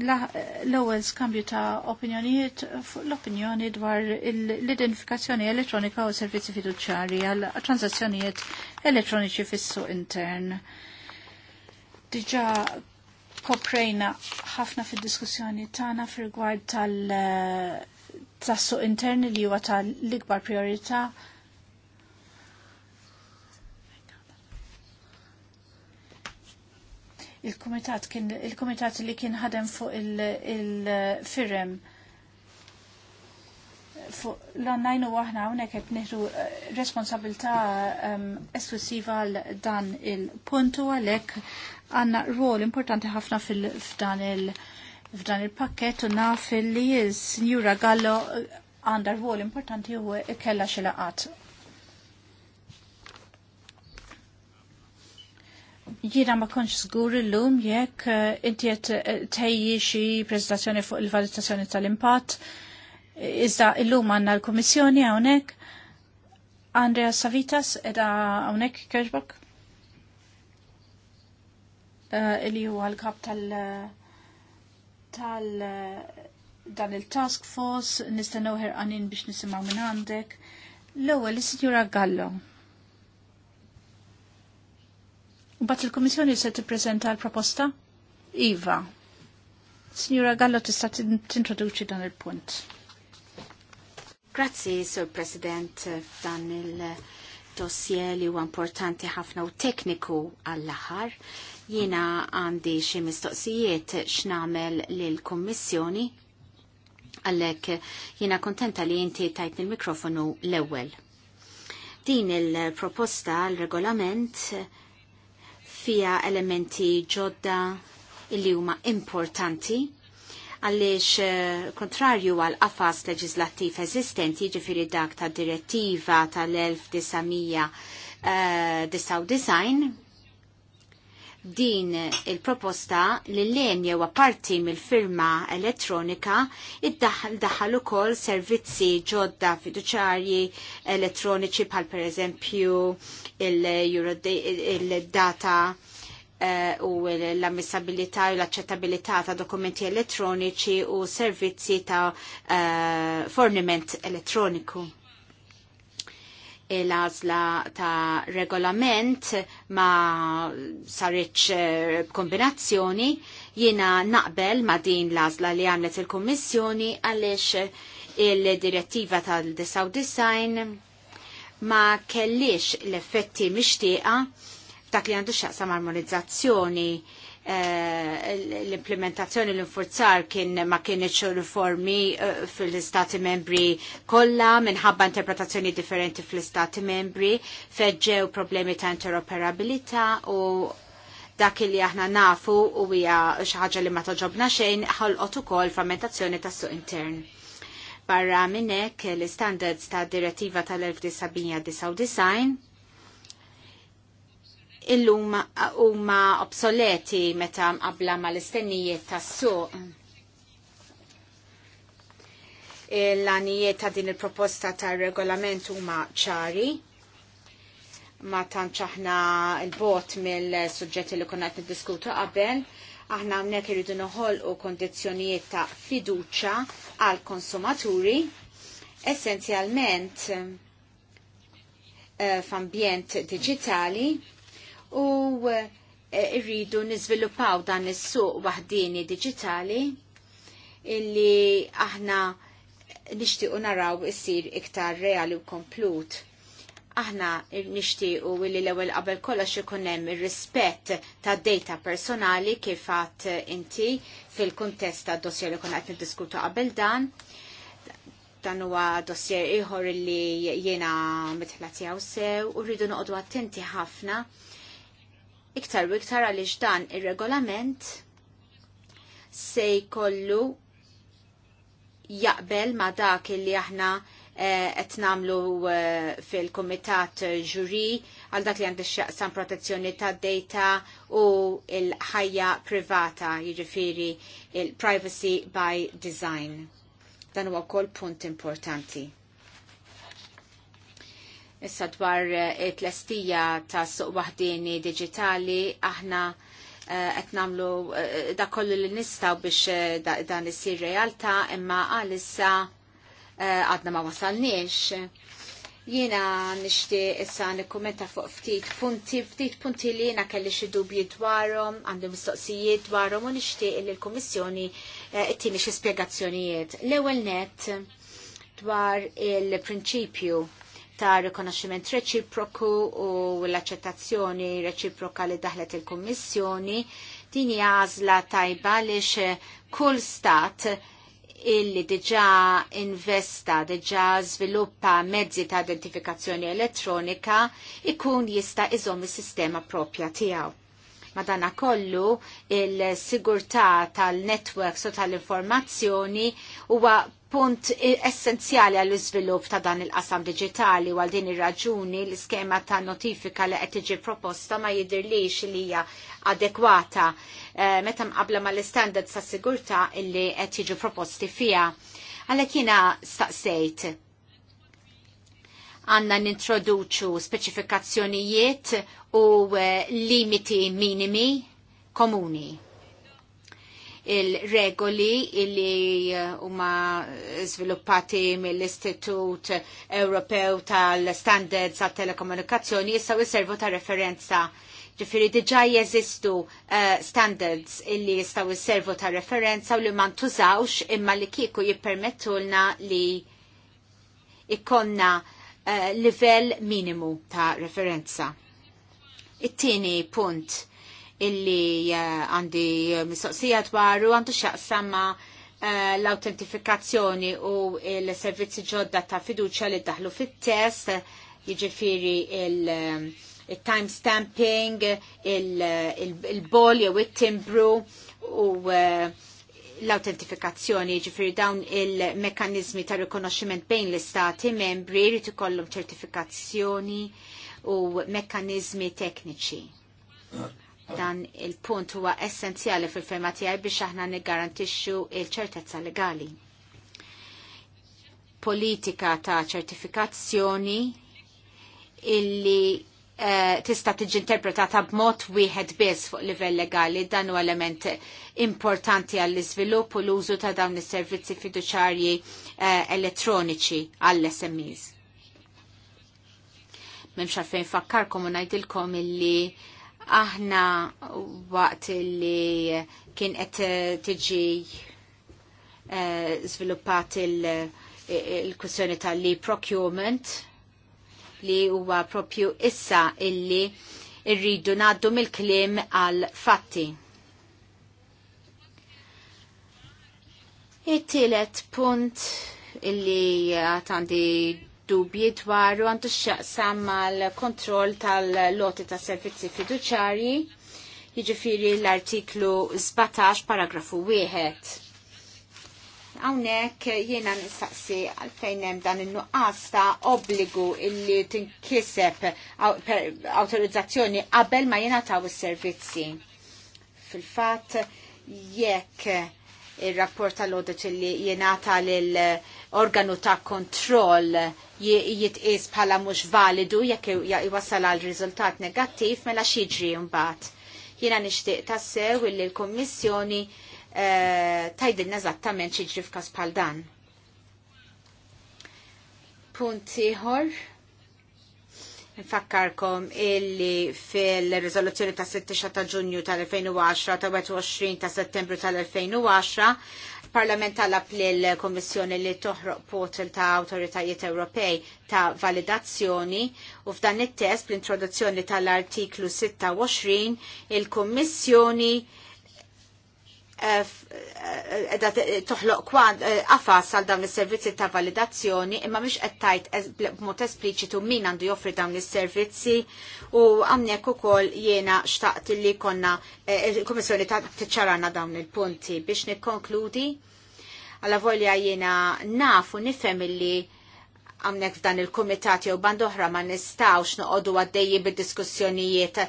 Speaker 3: l-ewwel skambju ta' opinjonijiet fuq l-opinjoni dwar l-identifikazzjoni elettronika u servizzi fiduċjarji għal transazzjonijiet elettroniċi fis-suq intern. Diġà koprejna ħafna fid-diskussjoni tagħna fil-gwad tal- tas-suq intern li huwa tal-ikbar priorità' il-komitat kien il-komitat li kien ħadem fuq il-firem fuq l-online u aħna hawnhekk qed nieħdu eh, responsabilità ehm, esklusiva għal dan il-puntu għalhekk għandna rwol importanti ħafna f'dan il- f'dan il-pakket u naf li s-Sinjura Gallo għandha rwol importanti u kella xilaqat. Jiena ma konx żgur illum jekk eh, inti qed eh, tejji xi preżentazzjoni fuq il-valutazzjoni tal-impatt. Iżda illum għandna l-Kummissjoni hawnhekk. Andrea Savitas edha hawnhekk kerġbok. Illi eh, huwa l-kap tal- tal dan il-task force, nistennew ħerqanin biex nisimgħu minn għandek. L-ewwel is-Sinjura Gallo. Bat il-Komissjoni se tippreżenta l-proposta? Iva. Signora Gallo tista' tintroduċi dan il-punt.
Speaker 1: Grazzi, Sur President, f'dan il-dossier li huwa importanti ħafna u tekniku għall-aħħar. Jiena għandi xi mistoqsijiet x'namel lill-Kummissjoni għalhekk jiena kontenta li inti tajt il-mikrofonu l-ewwel. Din il-proposta l-regolament il proposta għall il proposta l regolament fija elementi ġodda illi huma importanti għalliex eh, kontrarju għal qafas leġislattiv eżistenti ġifiri dak ta' direttiva tal-1999 din il-proposta li l lien jew parti mill-firma elettronika id-daħal ukoll servizzi ġodda fiduċarji elettroniċi bħal per eżempju il-data eh, u l-ammissabilità u l-accettabilità ta' dokumenti elettroniċi u servizzi ta' eh, forniment elettroniku l-għazla ta' regolament ma sarriċ eh, kombinazzjoni jiena naqbel ma din l-għazla li għamlet il-Kommissjoni għalix il-direttiva tal Design ma kellix l-effetti mixtieqa dak li għandu xaqsam armonizzazzjoni Eh, l-implementazzjoni l-infurzar kien ma kienieċ riformi eh, fil-istati membri kollha minħabba interpretazzjoni differenti fil-istati membri feġġew problemi ta' interoperabilità u dak li aħna nafu u hija xi ħaġa li ma toġobna xejn ħolqot ukoll frammentazzjoni tas-suq intern. Barra minnek l-standards ta' direttiva tal-1999 illum huma obsoleti meta qabla mal-istennijiet tas-suq l-għanijiet ta' din il-proposta ta' regolament huma ċari ma tantx aħna l-bot mill-suġġetti li konna qed niddiskutu qabel, aħna hawnhekk iridu noħolqu kondizzjonijiet ta' fiduċja għal konsumaturi essenzjalment eh, f'ambjent diġitali u eh, rridu nizviluppaw dan is-suq waħdini diġitali illi aħna nixtiequ naraw issir iktar reali u komplut. Aħna nixtiequ illi l-ewwel qabel kollox ikun hemm ir-rispett tad-data personali kif għat inti fil-kuntest tad-dossier li kun qed niddiskutu qabel dan dan huwa dossier ieħor illi jiena mitħla tiegħu sew u rridu noqogħdu attenti ħafna iktar u iktar għaliex dan ir-regolament se jkollu jaqbel ma dak li aħna eh, qed namlu eh, fil-kumitat ġuri għal dak li għandu xaqsan protezzjoni ta' data u il-ħajja privata, jiġifieri il-privacy by design. Dan huwa wkoll punt importanti. Issa dwar eh, it-lestija ta' suq waħdini digitali aħna eh, qed nagħmlu eh, da kollu li nistgħu biex dan isir realtà imma għalissa għadna ma wasalniex. Jiena nishti issa nikkumenta fuq ftit punti, ftit punti li jiena kelli xi dubji dwarhom, għandu mistoqsijiet dwarhom u nixtieq li l-Kummissjoni ittini xi spjegazzjonijiet. L-ewwel net dwar il-prinċipju ta' rikonoxximent reċiproku u l-accettazzjoni reċiproka li daħlet il-Kommissjoni din jazla tajba lix eh, kull stat illi diġa investa, diġa sviluppa mezzi ta' identifikazzjoni elettronika ikun jista' iżom is-sistema propja tiegħu. Madana kollu il-sigurtà tal-networks u tal-informazzjoni huwa punt essenzjali għall iżvilupp ta' dan il-qasam digitali u għal din ir-raġuni l-iskema ta' notifika li qed tiġi proposta ma jidirlix li hija adekwata eh, meta mqabla mal-istandards sa' sigurtà illi qed jiġu proposti fiha. Għalhekk jiena staqsejt għanna nintroduċu speċifikazzjonijiet u eh, limiti minimi komuni il-regoli illi eh, huma sviluppati mill-Istitut Ewropew tal-Standards għat telekomunikazzjoni jistgħu jservu ta' referenza. Ġifieri diġà jeżistu eh, standards illi jistgħu jisservu ta' referenza u li ma ntużawx imma li kieku jippermettulna li ikonna Eh, livell minimu ta' referenza. It-tieni punt illi eh, għandi mistoqsija dwaru għandu xaqsam ma' eh, l-autentifikazzjoni u l-servizzi ġodda ta' fiduċa li daħlu fit-test, jiġifiri il-timestamping, il il-bol jew it-timbru u uh, l-autentifikazzjoni, ġifiri dawn il-mekanizmi ta' rikonoxximent bejn l-istati membri jrid ikollhom ċertifikazzjoni u mekanizmi tekniċi. Dan il-punt huwa essenzjali fil-ferma tiegħi biex aħna niggarantixxu il-ċertezza legali. Politika ta' ċertifikazzjoni illi Eh, tista tiġi interpretata b'mod wieħed biss fuq livell legali dan u element importanti għall iżvilupp u l-użu ta' dawn is-servizzi fiduċarji eh, elettroniċi għall-SMEs. Memx għalfejn fakkarkom u ngħidilkom illi aħna waqt li kien qed tiġi eh, żviluppat il-kwistjoni tal-li procurement li huwa propju issa illi irridu naddu mill-klim għal fatti. It-tielet punt illi għandi dubji dwaru għandu xaqsam mal kontroll tal-loti ta' servizzi fiduċari jiġifiri l-artiklu 17 paragrafu 1 Hawnhekk jiena nistaqsi għalfejn hemm dan in-nuqqas ta' obbligu illi tinkiseb awtorizzazzjoni qabel ma jingħataw is-servizzi. Fil-fatt jekk ir-rapport tal-audit li jingħata l organu ta' kontroll jitqis bħala mhux validu jekk jwassal għal riżultat negattiv mela xiġri mbagħad. Jiena nixtieq tassew illi l-Kummissjoni Eh, tajdilna eżattament xiġri kas bħal dan. Punt ieħor. Nfakkarkom illi fil-rezoluzzjoni ta' 16 ta' ġunju tal-2010 ta' 20 ta' settembru tal-2010 Parlament talab lill komissjoni li toħroq portal ta' Awtoritajiet Ewropej ta' validazzjoni u f'dan it-test bl-introduzzjoni tal-artiklu 26 il komissjoni edha eh, eh, eh, toħloq kwad għafas għal dawn is-servizzi ta' validazzjoni imma mhux qed tajt b'mod espliċitu min għandu joffri dawn is-servizzi u għamnek ukoll jiena xtaqt li konna il komissjoni ta' tiċċarana dawn il-punti biex nikkonkludi għalla volja jiena nafu nifhem li għamnek f'dan il-komitat jew band oħra ma nistawx noqogħdu għaddejjin bid-diskussjonijiet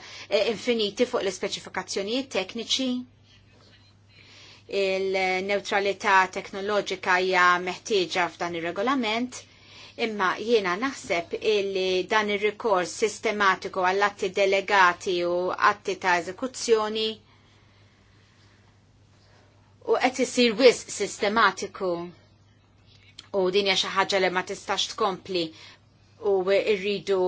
Speaker 1: infiniti fuq l-ispeċifikazzjonijiet tekniċi il-neutralità teknoloġika hija meħtieġa f'dan ir-regolament imma jiena naħseb illi dan ir-rikors sistematiku għall atti delegati u atti ta' eżekuzzjoni u qed isir wis sistematiku u din hija xi ħaġa li ma tistax tkompli u rridu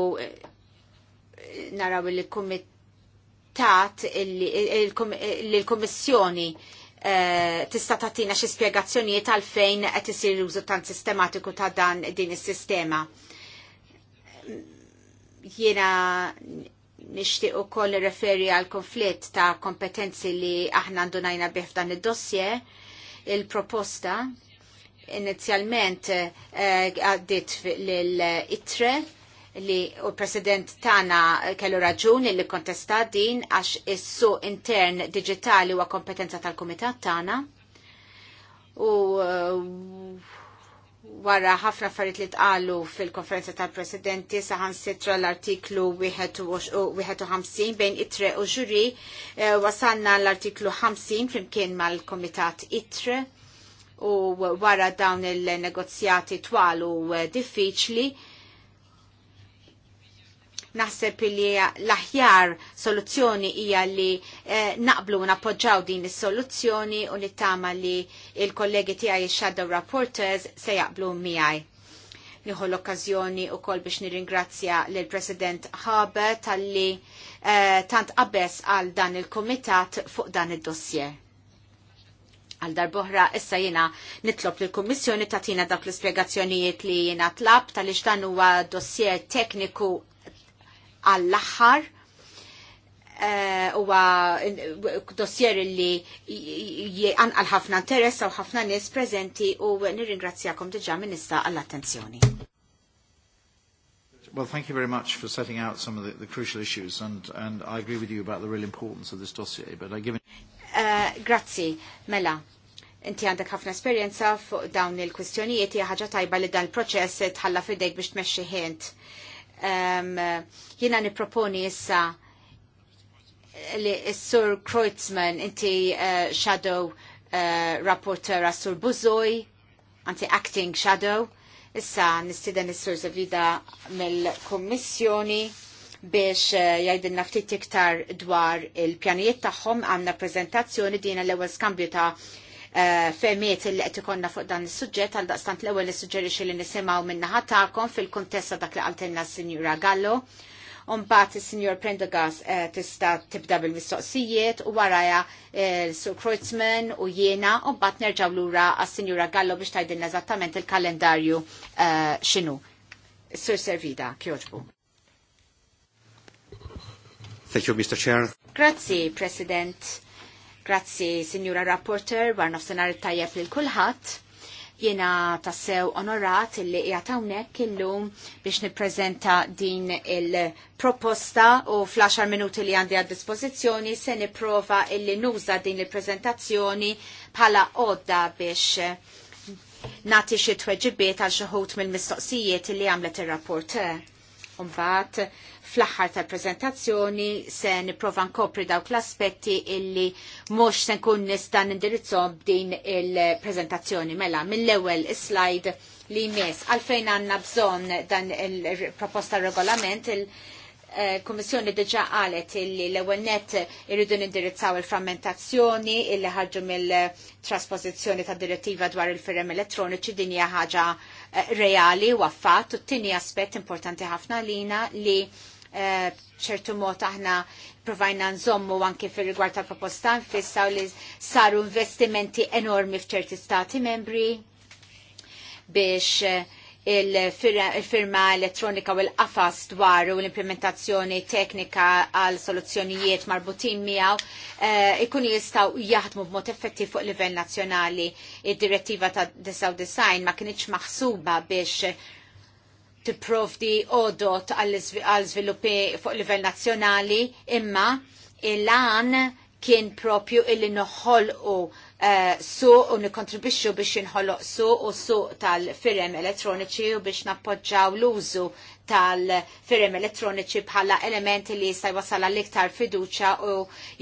Speaker 1: naraw il-kumitat il-kummissjoni il kumitat il kummissjoni il il kummissjoni Eh, tista' tagħtina xi spjegazzjonijiet għalfejn qed isir użu tant sistematiku ta' dan din is-sistema. Jiena nixtieq ukoll referi għal konflitt ta' kompetenzi li aħna ndunajna bih f'dan id-dossier il-proposta inizjalment eh, għaddit lill-itre li u president tana kellu raġun li kontesta din għax issu intern digitali u kompetenza tal-komitat tana u uh, wara ħafna affarijiet li tqalu fil-konferenza tal-presidenti saħan sitra l-artiklu 51 bejn itre u ġuri uh, wasanna l-artiklu 50 flimkien mal-komitat itre u wara dawn il-negozjati twalu diffiċli Naħseb li l-aħjar soluzzjoni hija li eh, naqblu nappoġġaw din is-soluzzjoni u nittama li il-kollegi tiegħi shadow rapporters se jaqblu miegħi. Nieħu l-okkażjoni wkoll biex nirringrazzja lill president Haber talli eh, tant qabeż għal dan il-kumitat fuq dan id-dossier. Għal darbohra issa jena nitlob l-Kommissjoni tatina dak l-spiegazzjonijiet li jena tlab tal-iġdan huwa dossier tekniku għall-aħħar eh, huwa dossier li għanqal ħafna interess u ħafna nies prezenti u nirringrazzjakom diġà minista għall-attenzjoni.
Speaker 2: Well, thank you very much for setting out some of the, the crucial issues, and, and I agree with you about the real importance of this dossier. But I give it.
Speaker 1: Uh, grazzi, Mela. Inti għandek ħafna esperjenza fuq dawn il-kwistjonijiet hija ħaġa tajba li dan il-proċess tħalla fidejk biex tmexxi ħint Um, jina niproponi issa li s-sur Kreutzmann inti uh, shadow uh, rapporteur għas-sur Buzoi, anti acting shadow, issa nistida is-sur Zavida mill-kommissjoni biex eh, jajdinna ftit iktar dwar il-pjanijiet tagħhom għandna prezentazzjoni dina l-ewwel skambju ta' Eh, femiet li qed ikonna fuq dan is-suġġett għal daqstant l-ewwel nissuġġerixxi li nisimgħu minna tagħkom fil-kuntessa dak li qaltilna s-Sinjura Gallo. Umbat il-Signor Prendergast eh, tista tibda bil-mistoqsijiet u waraja eh, il-Sur Kreutzmann u jiena umbat nerġaw lura għas sinjura Gallo biex tajdilna eżattament il-kalendarju xinu. Sur Servida, kjoġbu.
Speaker 2: Thank you, Mr. Chair.
Speaker 1: Grazzi, President. Grazzi, Signora Rapporter, war nofsenar tajjeb lil kulħadd. Jiena tassew onorat illi qiegħed hawnhekk illum biex nippreżenta din il-proposta u fl-10 minuti li għandi għad dispożizzjoni se nipprova illi nuża din il prezentazzjoni bħala odda biex nati xi tweġibiet għal xi mill-mistoqsijiet li għamlet ir-rapport. Umbat, fl-aħħar tal-prezentazzjoni se nipprova nkopri dawk l-aspetti illi mhux se nkun nista' nindirizzhom b'din il-prezentazzjoni mela mill-ewwel slide li jmiss għalfejn għandna bżonn dan il-proposta regolament il eh, kummissjoni diġa qalet illi l-ewwel net irridu nindirizzaw il-frammentazzjoni illi ħarġu mill-trasposizzjoni ta' direttiva dwar il-firem elettroniċi din hija ħaġa eh, reali u għaffat u t-tini aspett importanti ħafna lina li Eh, ċertu mod aħna provajna nżommu anke fir rigward tal proposta nfissaw li saru investimenti enormi f'ċerti stati membri biex eh, il-firma elettronika u l-qafas dwar u l-implementazzjoni teknika għal soluzzjonijiet marbutin miegħu eh, ikun jistgħu jaħdmu b'mod effettiv fuq livell nazzjonali. Id-direttiva ta' design ma kienx maħsuba biex tipprovdi odot għall-żviluppi fuq livell nazzjonali, imma il-lan kien propju noħol noħolqu Eh, Su u nikontribixxu biex inħoloq suq u suq tal-firem elettroniċi u biex nappoġġaw l-użu tal-firem elettroniċi bħala elementi li jista' jwasal għall-iktar fiduċa u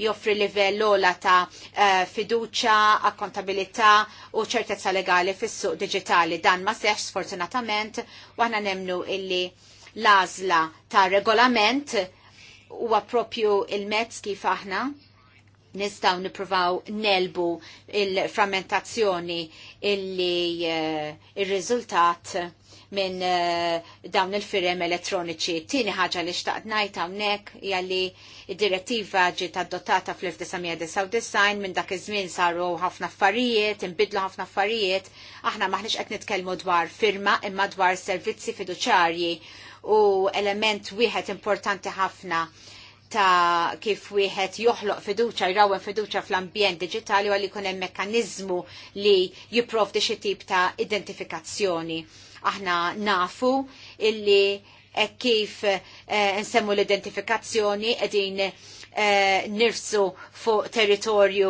Speaker 1: joffri livell ola ta' eh, fiduċa, akkontabilità u ċertezza legali fis-suq diġitali. Dan ma seħx sfortunatament u aħna nemnu illi l-għażla ta' regolament huwa proprju il-mezz kif aħna nistaw niprovaw nelbu il-frammentazzjoni illi eh, il-rizultat minn eh, dawn il-firem elettroniċi. Tini ħaġa li xtaqt najt hawnhekk jalli id-direttiva ġiet adottata fl-1999 minn dak iż-żmien saru ħafna affarijiet, inbidlu ħafna affarijiet, aħna maħniex qed nitkellmu dwar firma imma dwar servizzi fiduċarji u element wieħed importanti ħafna ta' kif wieħed joħloq fiduċa, jrawen fiduċa fl-ambjent digitali għalli kunem mekanizmu li jiprovdi xi tip ta' identifikazzjoni. Aħna nafu illi e kif eh, nsemmu l-identifikazzjoni edin Eh, nirsu fuq territorju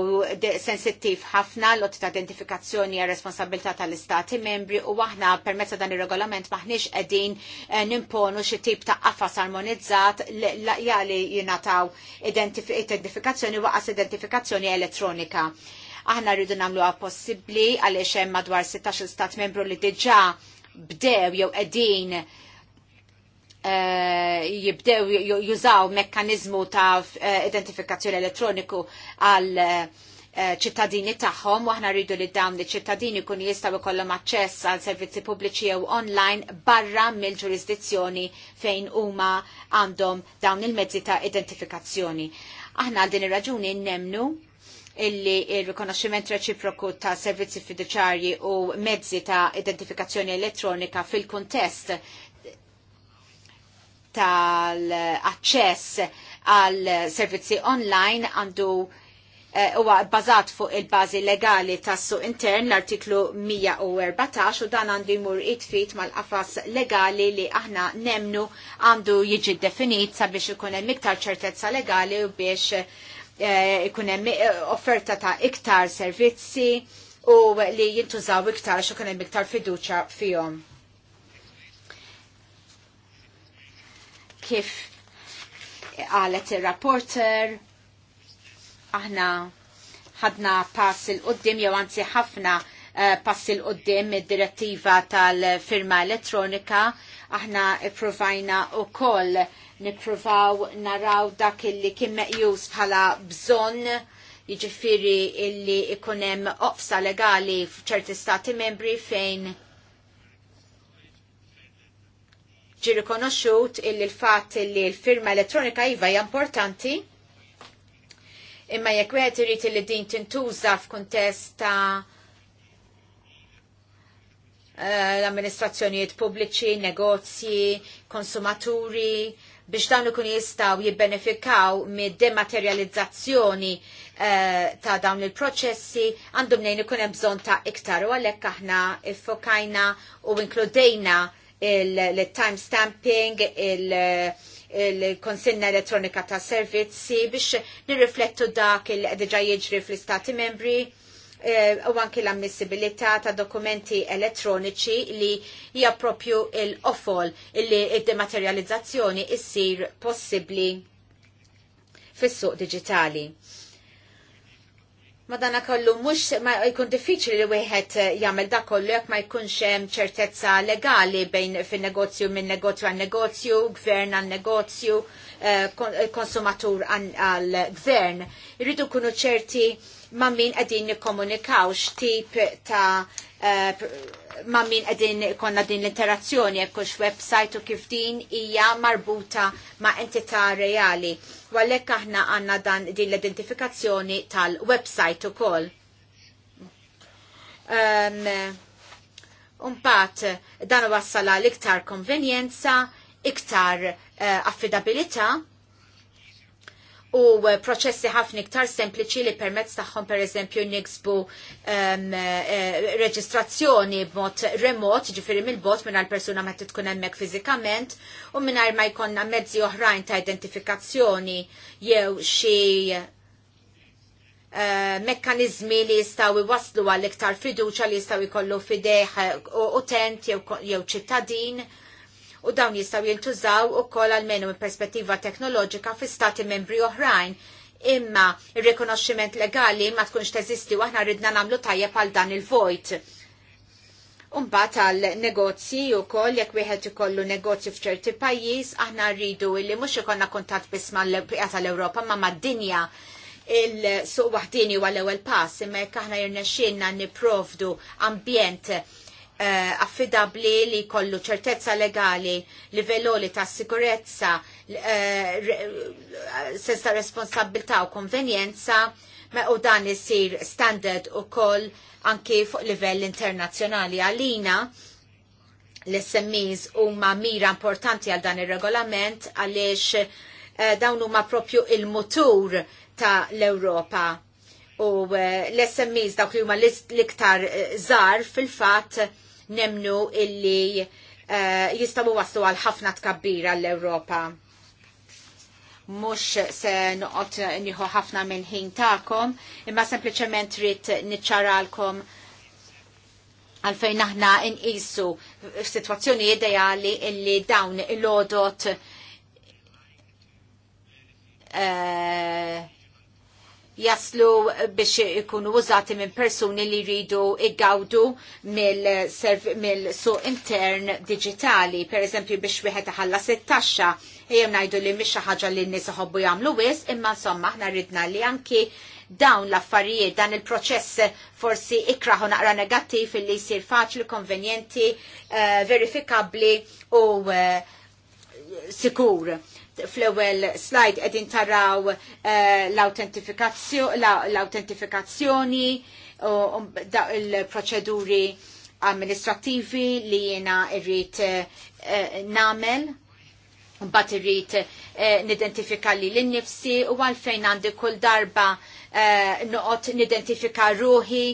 Speaker 1: sensittiv ħafna l ta' identifikazzjoni għal responsabilità tal-istati membri u aħna permezz dan ir-regolament maħniex qegħdin eh, nimponu xi tip ta' qafas armonizzat jali jingħataw identifikazzjoni waqas identifikazzjoni elettronika. Aħna rridu nagħmluha possibbli għaliex hemm madwar 16 stat membru li diġà bdew jew qegħdin Eh, jibdew jużaw mekkanizmu ta' eh, identifikazzjoni elettroniku għal eh, ċittadini tagħhom u aħna rridu li dawn li ċittadini kun jistgħu jkollhom aċċess għal servizzi pubbliċi jew online barra mill-ġurisdizzjoni fejn huma għandhom dawn il-mezzi ta' identifikazzjoni. Aħna għal din ir-raġuni nemnu illi il-rikonoxximent reċiproku ta' servizzi fiduċarji u mezzi ta' identifikazzjoni elettronika fil-kontest tal-aċċess għal servizzi online għandu eh, huwa uh, bbażat fuq il-bażi legali tas-suq intern l-artiklu 114 u dan għandu jmur it-fit mal-qafas legali li aħna nemnu għandu jiġi definit sabiex ikun hemm iktar ċertezza legali u biex eh, ikun hemm eh, offerta ta' iktar servizzi u li jintużaw iktar ikun hemm iktar fiduċja fihom. kif għalet il-rapporter, aħna ħadna pass il-qoddim, jew anzi ħafna eh, pass il-qoddim id-direttiva tal-firma elettronika, aħna provajna u koll niprovaw naraw dak illi kien meqjus bħala bżon jiġifiri illi ikunem oqsa legali f'ċerti stati membri fejn ġi rikonoxxut illi l-fatt li l-firma elettronika iva hija importanti imma jekk wieħed irid li din tintuża f'kuntest ta' l-amministrazzjonijiet eh, pubbliċi, negozji, konsumaturi, biex dawn ikun jistgħu jibbenefikaw mid-dematerializzazzjoni eh, ta' dawn il-proċessi għandhom nejn ikun hemm bżonn ta' iktar u għalhekk aħna iffokajna u inkludejna il-time stamping, il-konsinna elettronika ta' servizzi biex nirriflettu dak il deġa jiġri fl-istati membri eh, u anki l-ammissibilità ta' dokumenti elettroniċi li hija propju l-offol li id-dematerializzazzjoni issir possibbli fis-suq digitali. Madana kollu mux ma jkun diffiċli li wieħed eh, jagħmel da kollu jekk ma jkunx hemm ċertezza legali bejn fin-negozju minn negozju għal negozju, gvern għal negozju, eh, eh, konsumatur għal gvern. Irridu kunu ċerti ma' min nikomunikaw x tip ta' eh, ma' min qegħdin konna din l-interazzjoni jekk hux website u kif din hija marbuta ma' entità reali. Għalhekk aħna għandna dan din l-identifikazzjoni tal-website ukoll. Um, ehm, Umbat dan wassala l-iktar konvenjenza, iktar uh, eh, affidabilita, u eh, proċessi ħafna iktar sempliċi li permezz tagħhom pereżempju niksbu um, uh, reġistrazzjoni b'mod remot, ġifieri mill-bot mingħajr persuna ma tkun hemmhekk fiżikament u mingħajr ma jkollna mezzi oħrajn ta' identifikazzjoni jew xi uh, eh, mekkanizmi li jistaw iwaslu għal iktar fiduċa li jistaw jkollu fideħ utent jew ċittadin u dawn jistaw jintużaw u koll għalmenu minn perspettiva teknoloġika fi stati membri oħrajn imma il-rekonoxximent legali ma tkunx teżisti u aħna ridna namlu tajja pal dan il-vojt. Umbat għal negozji u koll, jek wieħed ikollu negozju fċerti pajjiż, aħna rridu li mhux ikonna kuntatt biss mal-bqija tal-Ewropa ma mad-dinja il-suq waħdini għal ewwel pass imma jekk aħna jirnexxinna nipprovdu ambjent uh, affidabli li kollu ċertezza legali, livelloli ta' sikurezza, uh, eh, sens ta' responsabilta' u konvenjenza, ma' u dan jisir standard u koll anki fuq livell internazzjonali għalina l-SMEs u ma' mira importanti għal dan il-regolament għaliex uh, dawn huma propju il-motur ta' l-Europa u l-SMEs dawk li huma l-iktar zar fil-fatt nemnu illi uh, jistabu waslu għal ħafna tkabbira l-Europa. Mux se noqot nieħu ħafna minn ħin ta'kom, imma sempliciment rrit niċċaralkom għalfejn aħna nqisu f'sitwazzjoni ideali illi dawn il-odot uh, eh, jaslu biex ikunu użati minn persuni li jridu iggawdu mill-suq intern digitali, per eżempju biex wieħed iħalla it taxxa ejjem ngħidu li mhix ħaġa li n-nies iħobbu jagħmlu wis, imma insomma aħna ridna li anki dawn l-affarijiet, dan il-proċess forsi ikraħu naqra negattiv illi jsir faċli, konvenjenti, eh, verifikabbli verifikabli u eh, sikur fl-ewwel slide qegħdin taraw eh, l-autentifikazzjoni il-proċeduri amministrativi li jiena rrid eh, eh, namel Bat irrid eh, nidentifika li l-nifsi u għalfejn għandi kull darba eh, noqot nidentifika ruħi,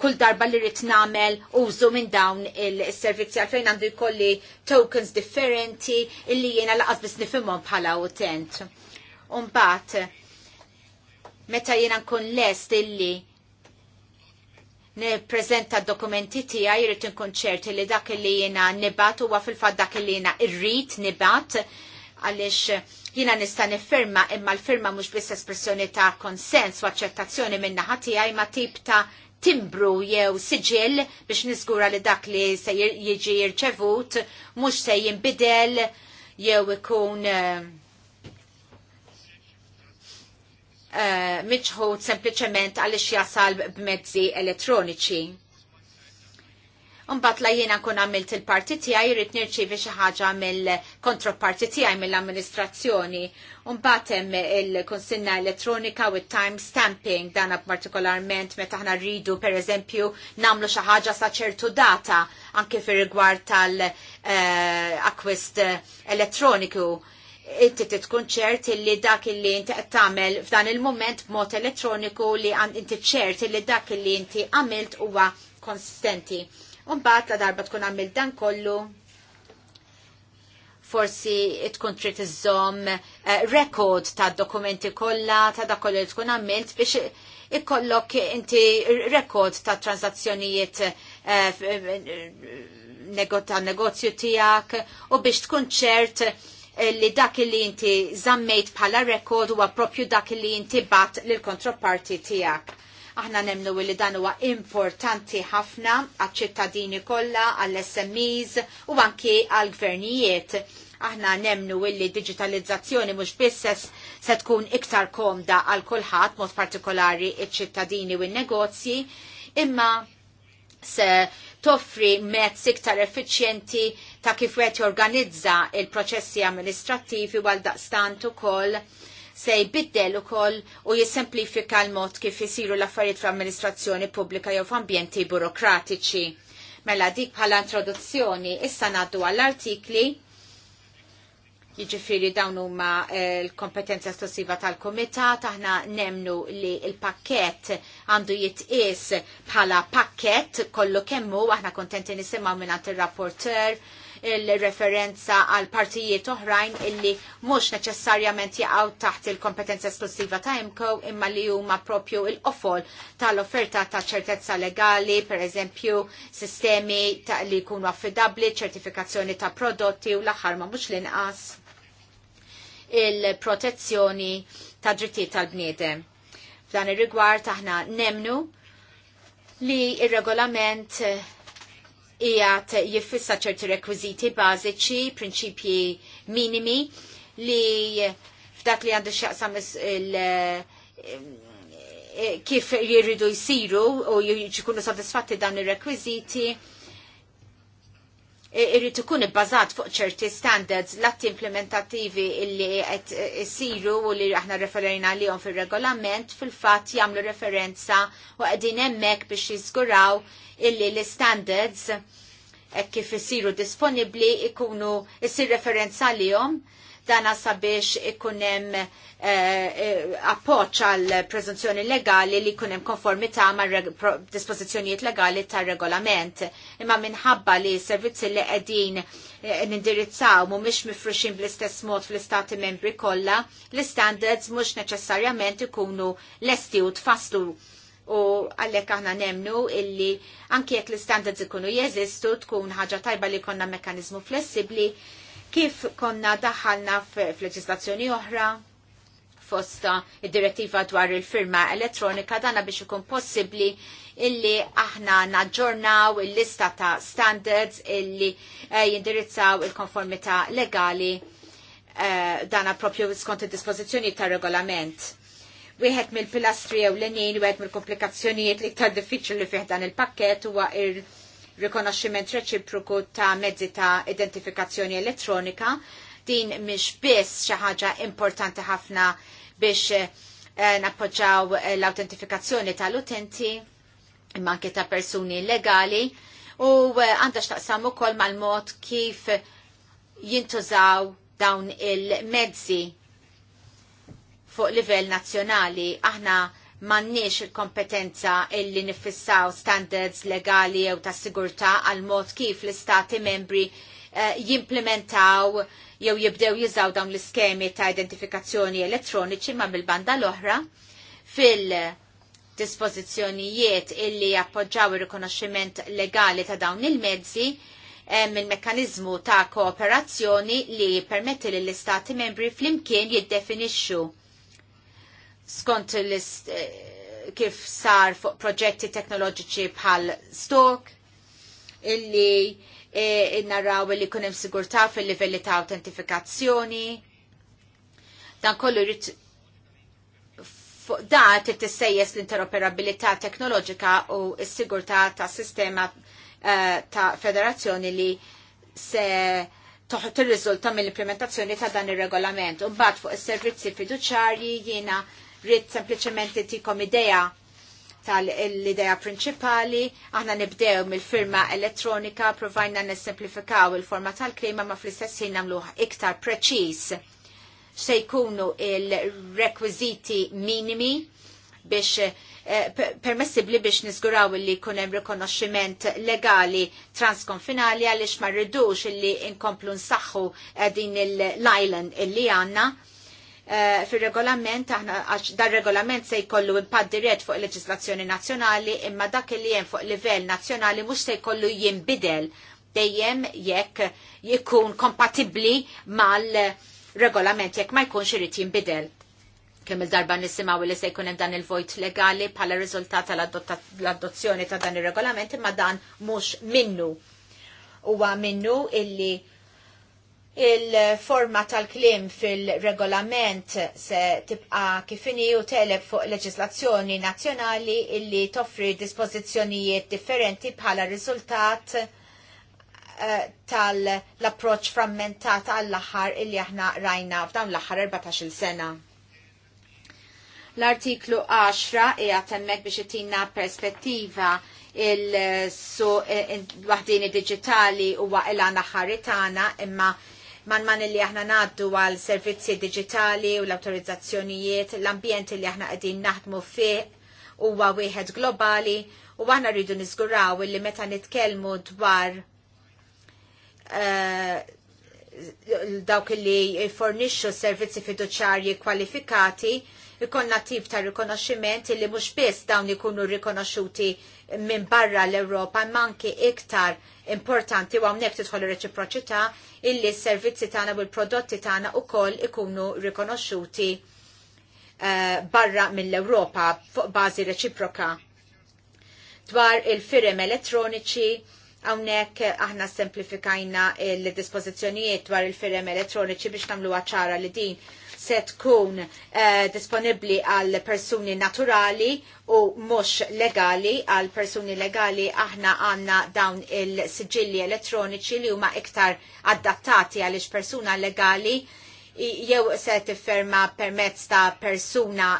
Speaker 1: kull darba li rrit namel użu minn dawn il-servizzi għalfejn għandu jkolli tokens differenti illi jena laqas nifimhom bħala utent. Umbat, meta jena nkun lest illi neprezenta dokumenti tija jirrit nkun ċerti li dak li jena nibat u fil fad dak li jena irrit nibat għaliex jina nista nifferma imma l-firma mhux biss espressjoni ta' konsens u aċċettazzjoni minna ħatijaj ma tip ta' timbru jew siġil biex niżgura li dak li se jiġi jirċevut mhux se jinbidel jew ikun uh, uh, miċħud sempliċement għaliex jasal b'mezzi elettroniċi. Unbat la jiena nkun għamilt il-parti tijaj, jrid nirċievi xi ħaġa mill-kontroparti tiegħi mill-amministrazzjoni. Mbagħad hemm il-konsinna elettronika u time stamping dan partikolarment meta aħna rridu pereżempju nagħmlu xi ħaġa sa ċertu data anke fir-rigward tal-akwist eh, elettroniku inti titkun ċert li dak li inti qed tagħmel f'dan il-mument b'mod elettroniku li inti ċert li dak li inti għamilt huwa konsistenti. Unbat la darba tkun għamil dan kollu, forsi tkun trid iżżomm eh, rekord ta' dokumenti kollha ta' da kollu li tkun għamilt biex ikollok inti rekord ta' transazzjonijiet eh, eh, ta' negozju tijak u biex tkun ċert li dak li inti zammejt bħala rekord huwa għapropju dak li inti bat l kontroparti tijak. Aħna nemnu li dan huwa importanti ħafna għal-ċittadini kollha, għall-SMEs u anki għall-gvernijiet. Aħna nemnu li digitalizzazzjoni mhux biss se tkun iktar komda għal kulħadd mod partikolari iċ-ċittadini u n-negozji, imma se toffri mezz iktar effiċjenti ta' kif wet jorganizza il-proċessi amministrattivi għal daqstant ukoll koll se jbiddel ukoll u jissemplifika l-mod kif isiru l-affarijiet fl-amministrazzjoni pubblika jew f'ambjenti burokratiċi. Mela dik bħala introduzzjoni issa ngħaddu għall-artikli Jiġifieri dawn huma eh, l-kompetenza esklusiva tal-Kumitat, aħna nemnu li l-pakket għandu jitqies bħala pakket kollu kemmu, aħna kontenti nisimgħu mingħand ir-rapporter il-referenza għal partijiet oħrajn illi mhux neċessarjament jaqgħu taħt il-kompetenza esklusiva ta' imko imma li huma propju il-qofol tal-offerta ta' ċertezza legali, per eżempju sistemi ta' li jkunu affidabli, ċertifikazzjoni ta' prodotti u l-aħħar ma mhux l-inqas il-protezzjoni ta' drittijiet tal-bniedem. F'dan ir-rigward aħna nemnu li ir-regolament qiegħed jiffissa ċerti rekwiżiti bażiċi, prinċipji minimi li f'dak li għandu x'jaqsam il- eh, kif jirridu jisiru u jikunu soddisfatti dan ir rekwiżiti irrit ikun ibbażat fuq ċerti standards l-atti implementativi illi qed isiru u li aħna referejna lihom fir-regolament fil-fatt jagħmlu referenza u qegħdin hemmhekk biex jiżguraw illi l-standards kif isiru disponibbli ikunu issir referenza lihom dana sabiex ikunem eh, eh, appoċ għal prezenzjoni legali li kunem konformita ma' dispozizjoniet legali ta' regolament. Imma minħabba li servizzi li edin eh, nindirizzaw mu mux mifruxin bl-istess mod fl-istati membri kolla, l-standards mux neċessarjament ikunu lesti u tfaslu u għallek aħna nemnu illi anki jekk l-standards ikunu jeżistu tkun ħaġa tajba li konna mekanizmu flessibli kif konna daħalna leġislazzjoni oħra fosta id-direttiva dwar il-firma elettronika dana biex ikun possibli illi aħna naġġornaw il-lista ta' standards illi eh, jindirizzaw il-konformità legali eh, dana propju skont il-dispozizjoni ta' regolament. Wieħed mill-pilastri ewlenin, wieħed mill-komplikazzjonijiet li iktar diffiċli fih dan il-pakket huwa il-, rikonoxximent reċiproku ta' mezzi ta' identifikazzjoni elettronika. Din mhix biss xi ħaġa importanti ħafna biex eh, nappoġġaw l-autentifikazzjoni tal-utenti imma anke ta' persuni legali u eh, għandha x'taqsam ukoll mal-mod kif jintużaw dawn il-mezzi fuq livell nazzjonali. Aħna mannix il-kompetenza illi nifissaw standards legali jew ta' sigurta għal mod kif l-istati membri eh, jimplementaw jew jibdew jizaw dawn l-iskemi ta' identifikazzjoni elettroniċi ma' bil-banda l-oħra fil- dispożizzjonijiet illi appoġġaw ir-rikonoxximent legali ta' dawn il-mezzi eh, minn mekkanizmu ta' kooperazzjoni li permetti l istati membri flimkien jiddefinixxu skont eh, kif sar fuq proġetti teknoloġiċi bħal stok illi e, eh, narraw illi kunem sigurta fil-livelli ta' autentifikazzjoni. Dan kollu jrid fuq da t tissejjes l-interoperabilità teknoloġika u s-sigurtà ta' sistema eh, ta' federazzjoni li se toħt il-rizulta mill-implementazzjoni ta' dan ir-regolament. bat fuq is-servizzi fiduċarji jiena rrit sempliċement li tikom idea tal-idea prinċipali, aħna nibdew mill-firma elettronika, provajna nessemplifikaw il-forma tal-klima ma fl-istess ħin nagħmluh iktar preċiż se jkunu il-rekwiziti minimi biex eh, permessibli biex nizguraw li kunem rikonoxximent legali transkonfinali għalix ma rridux illi inkomplu nsaxħu eh, din l-island illi għanna Eh, fil-regolament għax dar regolament se jkollu impatt dirett fuq il-leġislazzjoni nazzjonali imma dak li hemm fuq livell nazzjonali mhux se jkollu jinbidel dejjem jekk jikun kompatibbli mal-regolament jekk ma jkunx irid jinbidel. Kemm il-darba nisimgħu li se jkun hemm dan il-vojt legali bħala riżultat tal-adozzjoni ta' dan ir-regolament imma dan mhux minnu. Huwa minnu illi il-forma tal-klim fil-regolament se tibqa kifini u teleb fuq leġislazzjoni nazzjonali illi toffri dispozizjonijiet differenti bħala riżultat uh, tal-approċ frammentat għall-aħħar illi aħna rajna f'dawn l-aħħar 14 il sena. L-artiklu 10 hija temmek biex itina perspettiva il-su -so, eh, il waħdini digitali huwa il-għana ħaritana imma man man li aħna naddu għal servizzi digitali u l-autorizzazzjonijiet, l-ambjent li aħna qegħdin naħdmu fih huwa wieħed globali u aħna rridu niżguraw li meta nitkellmu dwar uh, dawk li fornixxu servizzi fiduċarji kwalifikati ikonna tip ta' rikonoxximent li mhux biss dawn ikunu rikonoxxuti minn barra l-Ewropa manki iktar importanti u għamnek tidħol reċiproċità illi s-servizzi tagħna u l-prodotti tagħna ukoll ikunu rikonoxxuti eh, barra mill-Ewropa fuq bażi reċiproka. Dwar il-firem elettroniċi għawnek aħna semplifikajna il-dispozizjonijiet dwar il-firem elettroniċi biex namlu għacċara li din se tkun eh, disponibbli għal persuni naturali u mhux legali għal persuni legali aħna għandna dawn il-siġilli elettroniċi li huma iktar adattati għaliex persuna legali jew se tifferma permezz ta' persuna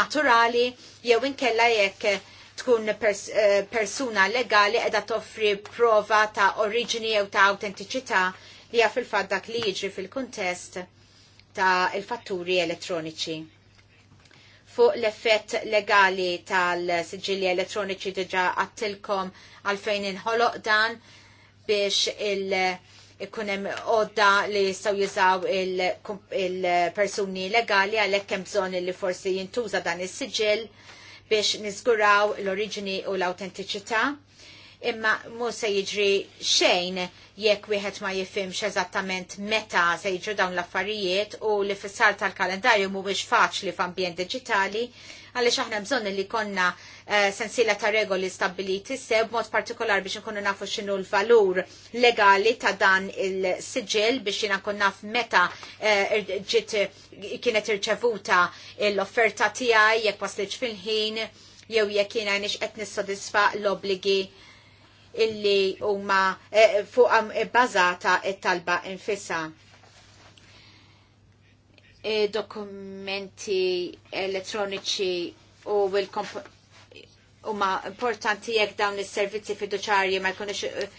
Speaker 1: naturali jew inkella jekk tkun pers eh, persuna legali edha toffri prova ta' oriġini jew ta' autenticità li fil-fatt dak li jiġri fil-kuntest ta' il-fatturi elettroniċi. Fuq l-effett legali tal-sigilli elettroniċi diġa għattilkom għalfejn inħoloq dan biex il- ikunem odda li jistaw jizaw il-persuni il legali għalek kem bżon li forsi jintuża dan is-siġil biex nizguraw l-oriġini u l-autentiċità imma mu se jiġri xejn jekk wieħed ma jifimx eżattament meta se jiġu dawn l-affarijiet u li fissar tal-kalendarju mhuwiex faċli f'ambjent digitali, għaliex aħna bżonn li konna sensila eh, sensiela ta' regoli stabiliti se b'mod partikolar biex nkunu nafu x'inhu l-valur legali ta' dan il sigil biex jina nkun naf meta eh, ġit kienet irċevuta l-offerta tijaj jekk waslitx fil-ħin jew jekk jiena nix qed nissodisfa l-obligi illi huma eh, fuq eh, bazata et eh, talba infissa e dokumenti elettroniċi u huma importanti jekk dawn is-servizzi fiduċarji ma jkunux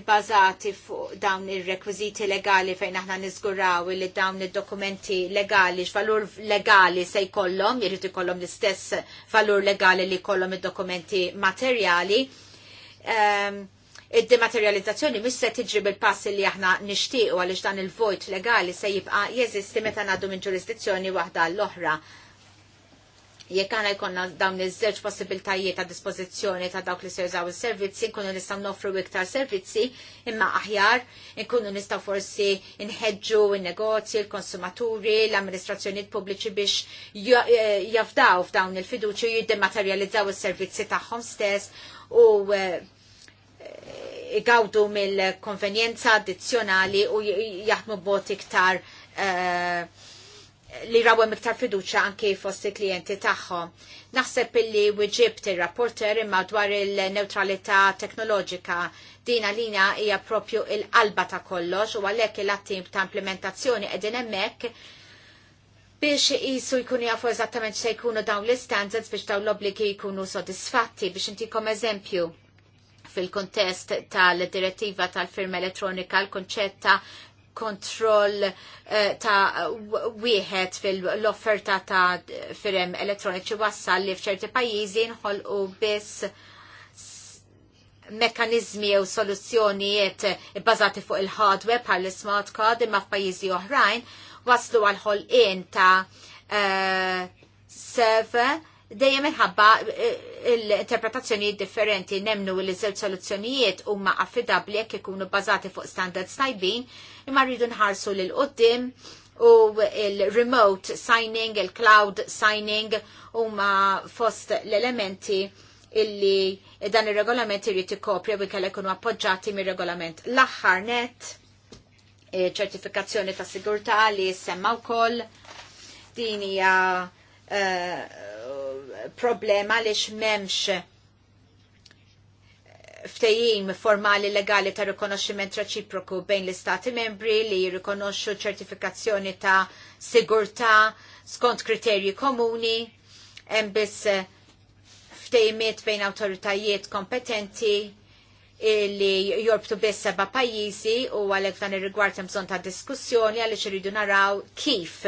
Speaker 1: bbażati fuq dawn ir-rekwiżiti legali fejn aħna niżguraw li dawn id-dokumenti legali x'valur legali se jkollhom, jrid ikollhom l-istess valur legali li jkollhom id-dokumenti materjali Ehm, id-dematerializzazzjoni mis se tiġri bil-pass li aħna nixtiequ għaliex dan il-vojt legali se jibqa' jeżisti meta ngħaddu minn ġurisdizzjoni waħda l-oħra. Jekk għana jkonna dawn iż-żewġ possibiltajiet ta' dispożizzjoni ta' dawk li se jużaw is-servizzi, nkunu nistgħu nofru iktar servizzi imma aħjar, nkunu nistgħu forsi nħeġġu in-negozji, l-konsumaturi, l-amministrazzjonijiet pubbliċi biex eh, jafdaw f'dawn il fiduċi u jiddematerjalizzaw is-servizzi tagħhom stess u eh, igawdu mill-konvenjenza addizzjonali u jaħdmu b'mod iktar uh, li rawem iktar fiduċa anki fost il-klienti tagħhom. Naħseb illi wieġibt ir-rapporter imma dwar il-neutralità teknoloġika dina lina hija propju il-qalba ta' kollox u għalhekk il-attim ta' implementazzjoni qegħdin hemmhekk biex jisu jkunu jafu eżattament se jkunu dawn l-standards biex dawn l-obbligi jkunu sodisfatti biex intikom eżempju fil-kontest tal-direttiva tal-firma elettronika l-konċetta kontroll eh, ta' wieħed fil-offerta ta' firem elettroniċi wassal li f'ċerti pajjiżi nħolqu biss mekanizmi u soluzzjonijiet bbażati fuq il-hardware bħal smart card imma f'pajjiżi oħrajn waslu għal ħolqien ta' eh, server dejjem minħabba eh, l-interpretazzjoni differenti nemnu li żewġ soluzzjonijiet huma affidabbli jekk ikunu bbażati fuq standards tajbin imma rridu nħarsu lil qoddim u il-remote signing, il-cloud signing huma fost l-elementi illi dan il-regolament irriti kopja u kellek ikunu appoġġati mir-regolament. L-aħħar net e, ċertifikazzjoni ta' sigurtà li semma wkoll din hija e, problema li x'memx ftejim formali legali ta' rikonoxximent reċiproku bejn l-istati membri li jirrikonoxxu ċertifikazzjoni ta' sigurtà skont kriterji komuni, hemm biss eh, ftejimiet bejn awtoritajiet kompetenti li jorbtu biss seba pajjiżi u għalhekk dan ir-rigward hemm bżonn ta' diskussjoni għaliex iridu naraw kif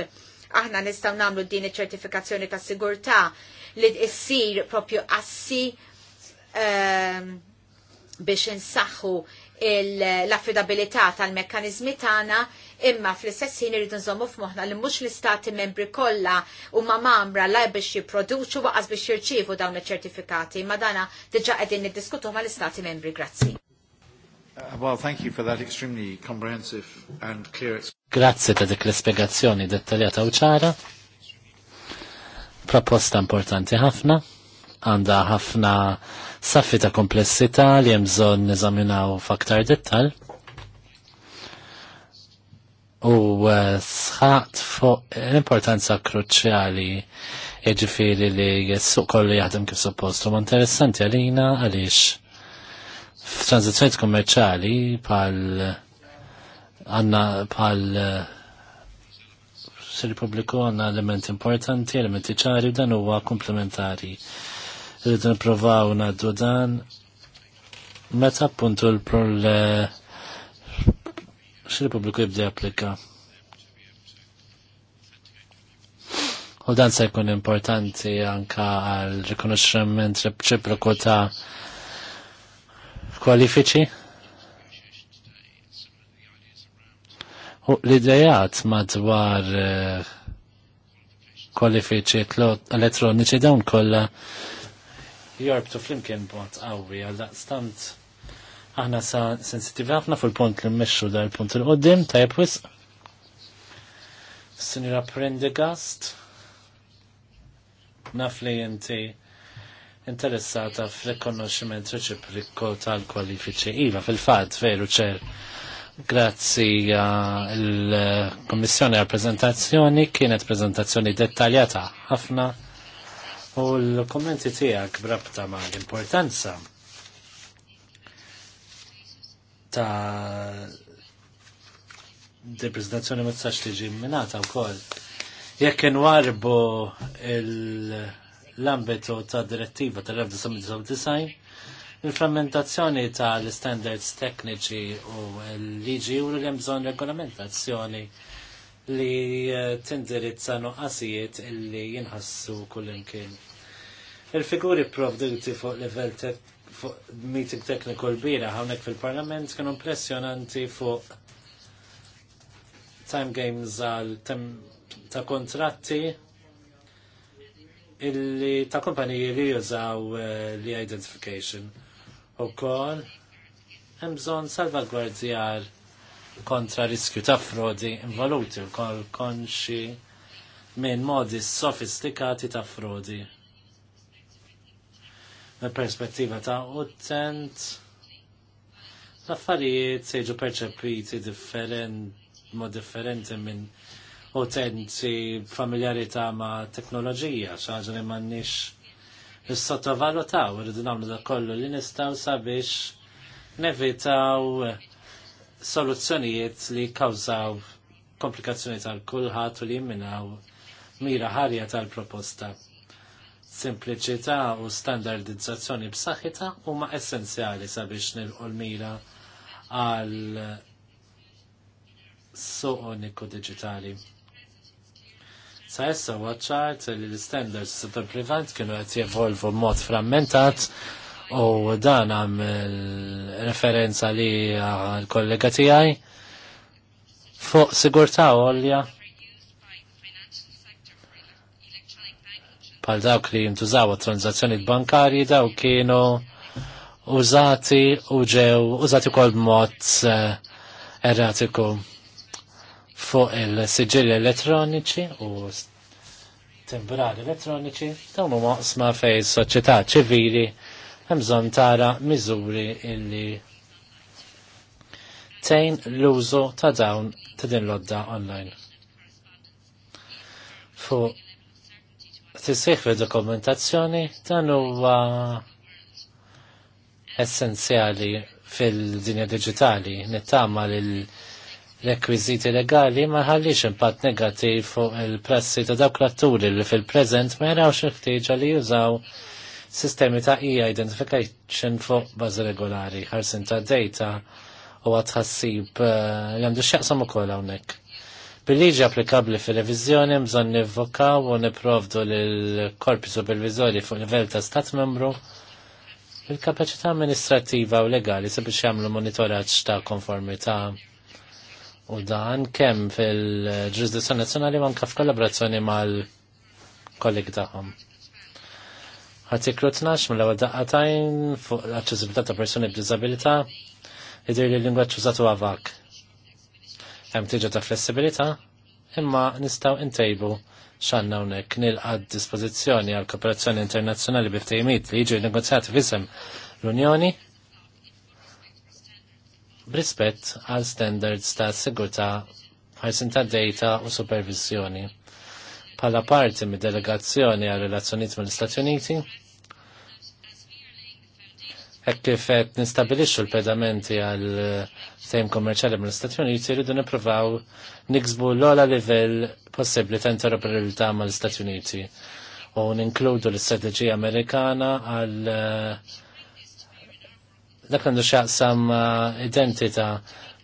Speaker 1: aħna nistgħu nagħmlu din iċ-ċertifikazzjoni ta' sigurtà li issir propju assi um, biex insaħħu l-affidabilità tal-mekkanizmi tagħna imma fl-istess ħin irridu nżommu f'moħħna li mhux l-istati membri kollha huma mamra la biex jipproduċu waqas biex jirċievu dawn iċ-ċertifikati, ma dana diġà qegħdin niddiskutu mal-istati membri. Grazzi.
Speaker 2: Uh, well, thank you for that extremely comprehensive and clear Grazzi ta' dik l-ispjegazzjoni dettaljata u ċara. Proposta importanti ħafna għandha ħafna saffi ta' komplessità li hemm bżonn neżaminaw f'aktar dettal. U eh, sħaqt fuq l-importanza kruċjali jiġifieri li s-suq kollu jaħdem kif suppost. U interessanti għalina għaliex f'tranzizzjoni kummerċjali pal għanna pal eh, fil-pubbliku għanna element importanti, elementi ċari, dan huwa komplementari. Rridu nipprovaw naddu dan meta appuntu l-prol xil-Republiku jibdi applika. U dan se jkun importanti anka għal rikonoxximent reċiproku ta' kwalifiċi. U l-idejat madwar eh, kwalifiċi elettroniċi dawn kollha jorbtu flimkien bot qawwi għal daqstant aħna sa sensitivi ħafna fil-punt li mmexxu dal punt il-qoddim ta' wisq. Sinjura Prendegast, naf li inti interessata fl-ekonoximent reċipriko tal-kwalifiċi. Iva, fil-fat, veru ċer. Grazzi l-Kommissjoni għal prezentazzjoni kienet prezentazzjoni dettaljata ħafna u l-kommenti tiegħek brabta ma' l-importanza ta' di prezentazzjoni ma tistax tiġi u wkoll. Jekk inwarbu l-ambitu ta' direttiva tal-1999, il-frammentazzjoni ta' l-standards tekniċi u l-liġi u l-hemm bżonn regolamentazzjoni li eh, tindirizza nuqqasijiet illi jinħassu kullimkien. Il-figuri provduti fuq level fuq meeting technical bira hawnhekk fil-Parlament kienu impressjonanti fuq time games għal ta' kontratti illi ta' kompaniji li jużaw eh, li identification u kol hemm bżonn salvagwardjar kontra riskju ta' frodi involuti kol konxi minn modi sofistikati ta' frodi. Mill perspettiva ta' utent, l-affarijiet seġu perċepiti differenti mod differenti minn utenti familjarità ma' teknoloġija, xaġa li mannix is-sottovalutaw, rridu nagħmlu da' kollu li nistaw sabiex nevitaw soluzzjonijiet li kawżaw komplikazzjoni tal-kulħat u li jimminaw mira ħarja tal-proposta. Simpliċità u standardizzazzjoni b'saħħitha huma essenzjali sabiex nilqu l-mira għal suq uniku digitali. Sa issa waċċart li l-standards tal privat kienu qed jevolvu mod frammentat u dan għam referenza li l-kollega tijaj fuq sigurta għolja pal dawk li jintużaw tranzazzjoni bankarji daw kienu użati u ġew użati kol mod eh, erratiku fuq il-sigġilli elettroniċi u temporali elettroniċi dawn huma qsma fej soċieta ċivili hemm bżonn tara miżuri illi tejn l-użu ta' dawn ta' din lodda online. Fu tisih fi dokumentazzjoni dan huwa essenzjali fil-dinja digitali nittama l rekwiziti legali ma ħallix impatt negativ fuq il-prassi ta' dawk l-atturi li fil-preżent ma jarawx il-ħtieġa li jużaw sistemi ta' hija identification fuq bażi regolari, ħarsin ta' data u għatħassib eh, li għandu x'jaqsam ukoll hawnhekk. Bil-liġi applikabli fil-revizjoni bżon nivvokaw u niprovdu l-korpi supervizori fuq livell ta' stat membru il-kapacità amministrativa u legali sabiex jagħmlu monitoraġġ ta' konformità u dan kemm fil-ġurisdizzjoni nazzjonali ma' f'kollaborazzjoni mal-kollegi tagħhom. Artiklu 12 mill-ewwel daqqatajn fuq l-aċċessibilità ta' persuni b'diżabilità jidher li l-lingwaġġ użat huwa vak. Hemm tiġa ta' flessibilità, imma nistgħu intejbu x'għandna hawnhekk nilqa' dispożizzjoni għal kooperazzjoni internazzjonali biftejmiet li jiġu negozjati f'isem l-Unjoni b'rispett għal standards ta' sigurtà ħarsin ta' data u supervizjoni pala parti mid delegazzjoni għal relazzjoniet mill istati Uniti. Hekk kif qed nistabilixxu l-pedamenti għal sejm kommerċjali mill istati Uniti rridu nippruvaw niksbu l-ola livell possibbli ta' interoperabilità mal istati Uniti u ninkludu l-istrateġija Amerikana għal eh, dak għandu xaqsam eh, identità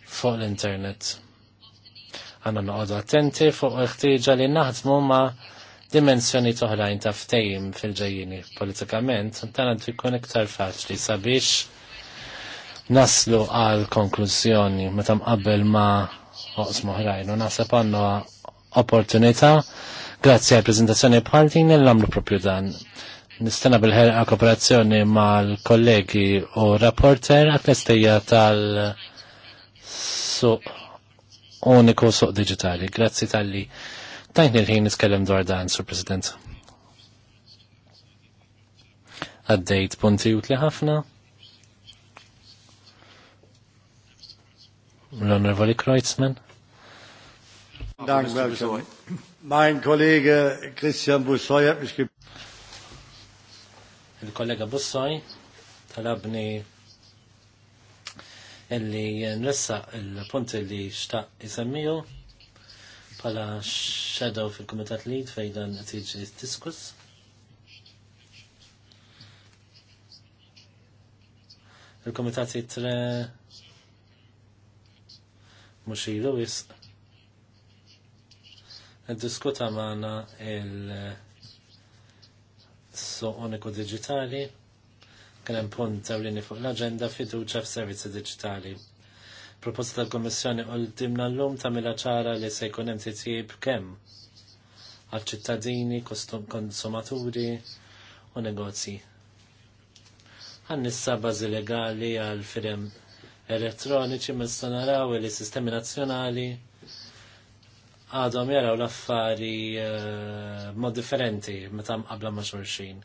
Speaker 2: fuq l-internet Għanna noqogħdu attenti fuq il-ħtieġa li naħdmu ma' dimensjoni toħrajn ta' ftejim fil-ġejjini politikament, dan għandu jkun iktar faċli sabiex naslu għal konklużjoni meta mqabbel ma' oqs moħrajn u naħseb għandu opportunità grazzi għal prezentazzjoni bħal din l-għamlu propju dan. Nistana bil-ħerqa kooperazzjoni mal-kollegi u rapporter għal tal-suq uniku suq digitali. Grazzi tal-li Tajni l ħin nitkellem dwar dan, Sur President. Għaddejt punti utli ħafna. L-Onorevoli Kreuzman. Dank, Mein Kollege Christian Bussoy hat mich Il-kollega Bussoy talabni illi nressa il-punti li xtaq jisemmiju pala shadow fil-Kumitat li fejdan tiġi diskus. il-komitat jitre muxilu wis diskuta maħna il-so digitali kien hemm punt ewlieni fuq l-aġenda fiduċa f'servizzi diġitali. Proposta tal-Kommissjoni qoldimna llum lum tagħmilha ċara li se jkun hemm titjib kemm għal-ċittadini, konsumaturi u negozji. nissa bazi legali għal firem elektroniċi mista naraw li sistemi nazzjonali għadhom jaraw l-affari eh, mod differenti meta qabla ma' xulxin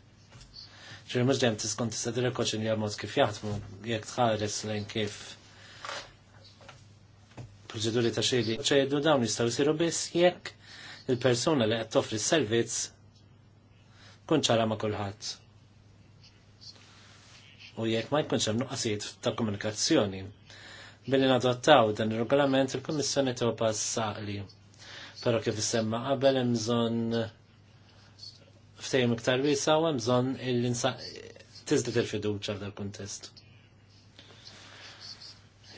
Speaker 2: ċir mux dem tiskun tista t koċin li għamot kif jaħdmu, jek tħares lejn kif proċeduri ta' xejdi. ċejdu dawn nistaw siru biss jekk il-persona li qed s-servizz kun ċara ma' kulħadd. U jekk ma jkunx hemm nuqqasijiet ta' komunikazzjoni. Billi nadottaw dan ir-regolament il-Kummissjoni tew passaqli. Però kif isemma qabel hemm bżonn ftejm iktar wiesa u hemm bżonn tiżdet il-fiduċa f'dal kuntest.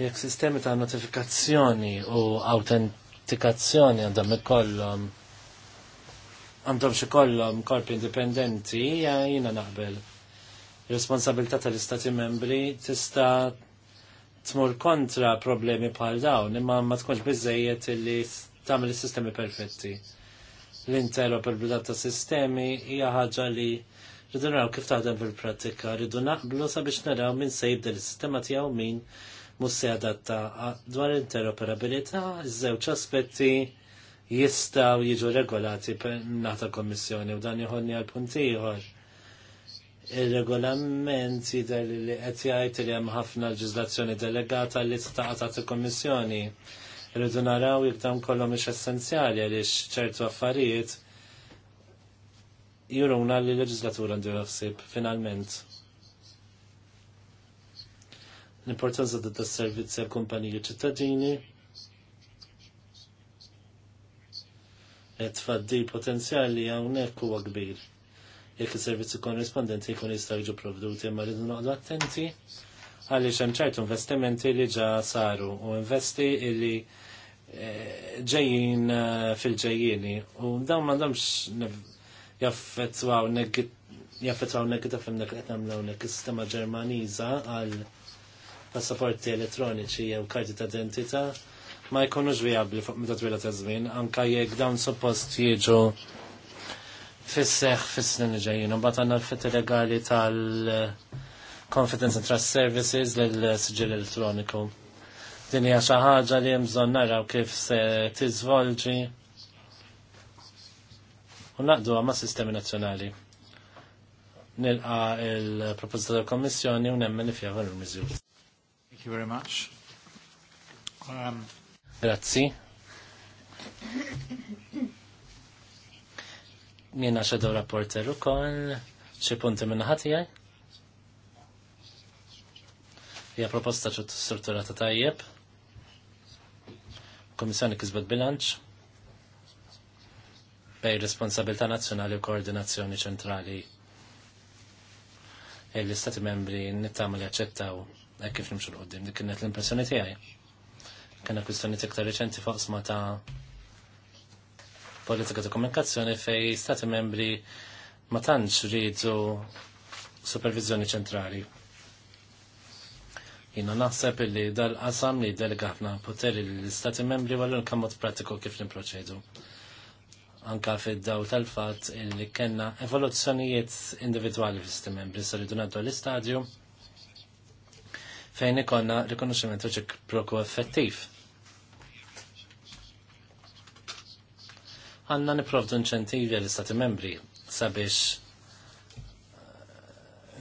Speaker 2: Jekk sistemi ta' notifikazzjoni u autentikazzjoni għandhom ikollhom għandhom xi kollhom korpi indipendenti jiena naqbel. Ir-responsabilità tal-Istati membri tista' tmur kontra problemi bħal dawn imma ma tkunx biżejjed illi tagħmel is-sistemi perfetti l-interoperabilità ta' sistemi hija ħaġa li rridu naraw kif taħdem fil-prattika, rridu naqblu sabiex naraw min se jibda l-sistema tiegħu min mhux se adatta dwar interoperabilità, iż-żewġ aspetti jistgħu jiġu regolati naħta kommissjoni u dan jħodni għal punt ieħor. Il-regolament jidher li qed jgħid li hemm ħafna leġiżlazzjoni delegata li titaqata' kommissjoni kommissjoni Irridu naraw jek dawn kollhom mhix essenzjali għaliex ċertu affarijiet juruna li l-leġislatura għandu ħsieb finalment. L-importanza ta' tas servizzi għal kumpaniji ċittadini tfaddi potenzjali hawnhekk huwa kbir. Jekk is-servizzi korrispondenti jkun jistgħu jiġu provduti imma rridu noqgħdu attenti għaliex hemm ċertu investimenti li ġa saru u investi illi ġejjin eh, fil-ġejjini u dawn m'għandhomx jaffettwaw jaffettwaw negativ dak qed nagħmlu hawnhekk is-sistema Ġermaniża għal passaporti elettroniċi jew karti ta' identità ma jkunux ġvijabli fuq meta twila ta' żmien anke jekk dawn suppost jiġu fis-seħħ fis-snin ġejjin u bat għandna l-fitti legali tal-Confidence eh, and Trust Services lill sġil elettroniku Din hija xi ħaġa li hemm bżonn naraw kif se tiżvolġi u naqdu għama sistemi nazzjonali. Nilqa il-proposta tal-Kommissjoni u nemmen li fiha Thank you very much. Um... Grazzi. Jiena xedu rapporter ukoll xi punti minn ħatijaj. Hija proposta strutturata tajjeb. Komissjoni kisbet bilanċ bej responsabilità nazzjonali u koordinazzjoni ċentrali e l-istati membri nittama li għacċettaw e kif nimxu l-qoddim. Dik kienet l-impressjoni tiegħi. Kena kwistjoni tikta reċenti foqsma ta' politika ta' komunikazzjoni fej stati membri ma tantx ridu supervizjoni ċentrali. Jina naħseb li dal-qasam li delegafna poteri l-Istati membri għallu l-kammot pratiku kif nipproċedu. Anka fid-daw tal-fat li kena evoluzzjonijiet individuali fl-Istati membri saridu naddu l-istadju fejn ikonna rikonoxximentu proku effettiv. Għanna niprovdu inċentivi għall-Istati membri sabiex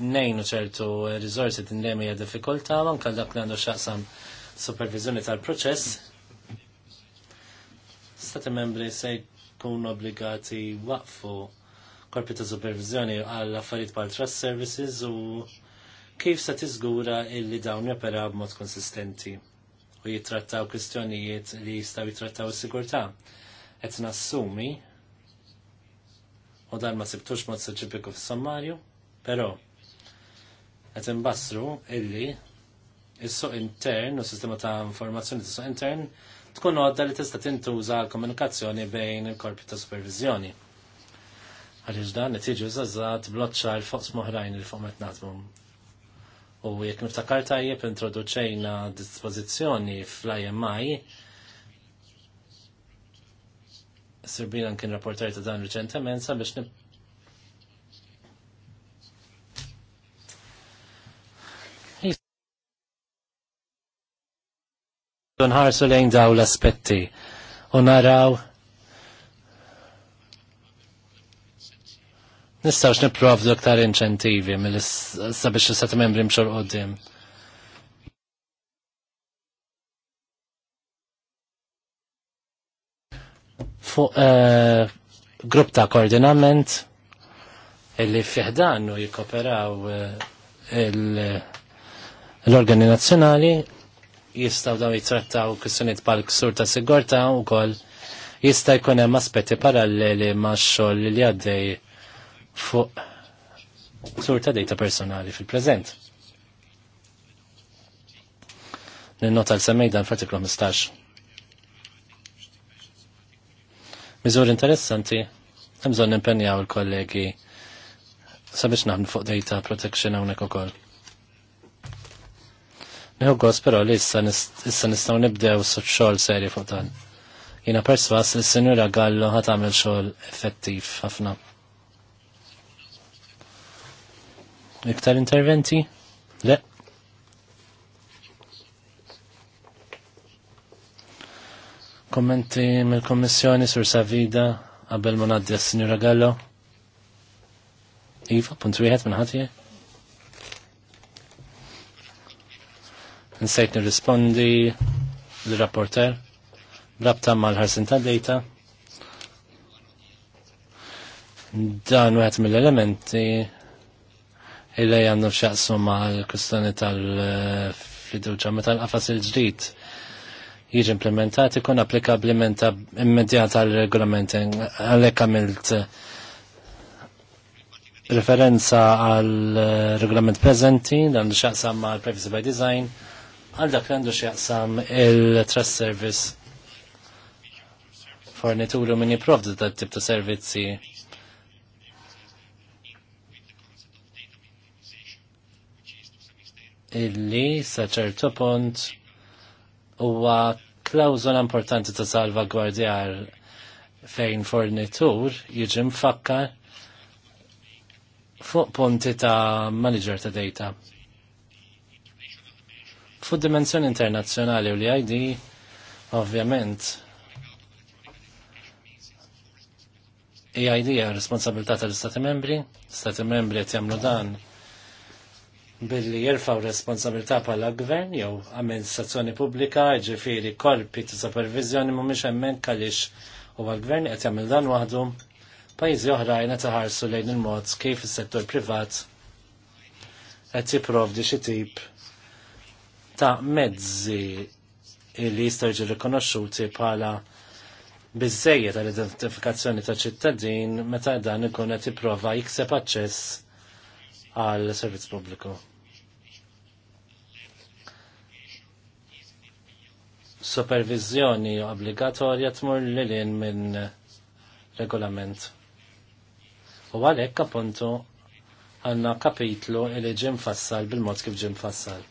Speaker 2: u ċertu rizorsi tindemi hija diffikulta, man kal dak li għandu xaqsam supervizjoni tal-proċess. Stati membri se jkunu obbligati waqfu korpi ta' supervizjoni għall affarijiet bħal trust services u kif se tiżgura illi dawn jopera b'mod konsistenti u jittrattaw kwistjonijiet li jistaw jittrattaw is-sigurtà. Qed nassumi u dan ma sibtux mod soċipiku fis-sommarju, però qed imbassru illi is-suq intern u sistema ta' informazzjoni ta' suq intern tkun għadda li tista' tintuża l-komunikazzjoni bejn il-korpi ta' supervizjoni. Għaliex dan qed jiġi użażat bloċċa l fuq moħrajn il fuq qed naħdmu. U jek niftakar tajjeb introduċejna dispożizzjoni fl-IMI Sirbina kien rapportajta ta' dan reċentement sabiex nħarsu lejn daw l-aspetti u naraw nistawx niprovdu aktar inċentivi mill-sabiex s membri mxor qoddim. Fuq eh, grupp ta' koordinament illi fiħdanu jikoperaw eh, l-organi nazjonali nazzjonali jistaw daw jitrattaw kwistjoniet pal ksur ta' sigorta u kol jista' jkun hemm aspetti paralleli ma' xogħol li għaddej fuq ksur ta' dejta personali fil-preżent. Ninnota l-semmej dan f'artiklu 15. Miżur interessanti, hemm bżonn nimpenjaw il-kollegi sabiex naħdmu fuq data protection hawnhekk ukoll. Nħu għos pero li issa nistaw nibdew xogħol seri fuq dan. Jina perswas li s-senjura Gallo ħat għamil xogħol effettiv ħafna. Iktar interventi? Le. Kommenti mill-Kommissjoni sur Savida qabel ma naddi s-senjura Gallo? Iva, punt wieħed minn ħatijek? Nsejt nirrispondi l-rapporter rabta mal-ħarsin ta' data Dan wieħed mill-elementi illi għandu xaqsu mal kustani tal-fiduċa meta tal qafas il-ġdid jiġi implementat ikun applikabli immedjata għal regolament għalhekk għamilt referenza għal regolament preżenti għandu xaqsam mal privacy by design għal dak għandu xjaqsam il-trust service fornituru minni provdu dat tip ta' servizzi illi sa ċertu punt huwa klawżola importanti ta' salvagwardjar fejn fornitur jiġi mfakkar fuq punti ta' manager ta' data. Fu dimensjoni internazzjonali u li għajdi, ovvjament, EID hija responsabilità tal-Stati membri, Stati membri qed jagħmlu dan billi jirfaw responsabilità bħala gvern jew amministrazzjoni pubblika, ġifiri korpi ta' supervizjoni mhumiex hemmhekk għaliex u l-gvern qed jamlu dan waħdu pajjiżi oħrajn qed iħarsu lejn il-mod kif is-settur privat qed jipprovdi xi tip ta' mezzi li jistarġi rikonoxxuti bħala bizzejja tal-identifikazzjoni ta' ċittadin meta dan ikun qed jipprova jikseb aċċess għal servizz pubbliku. Supervizjoni obbligatorja tmur lil minn regolament. U għalhekk appuntu għandna kapitlu li ġim fassal bil-mod kif ġim fassal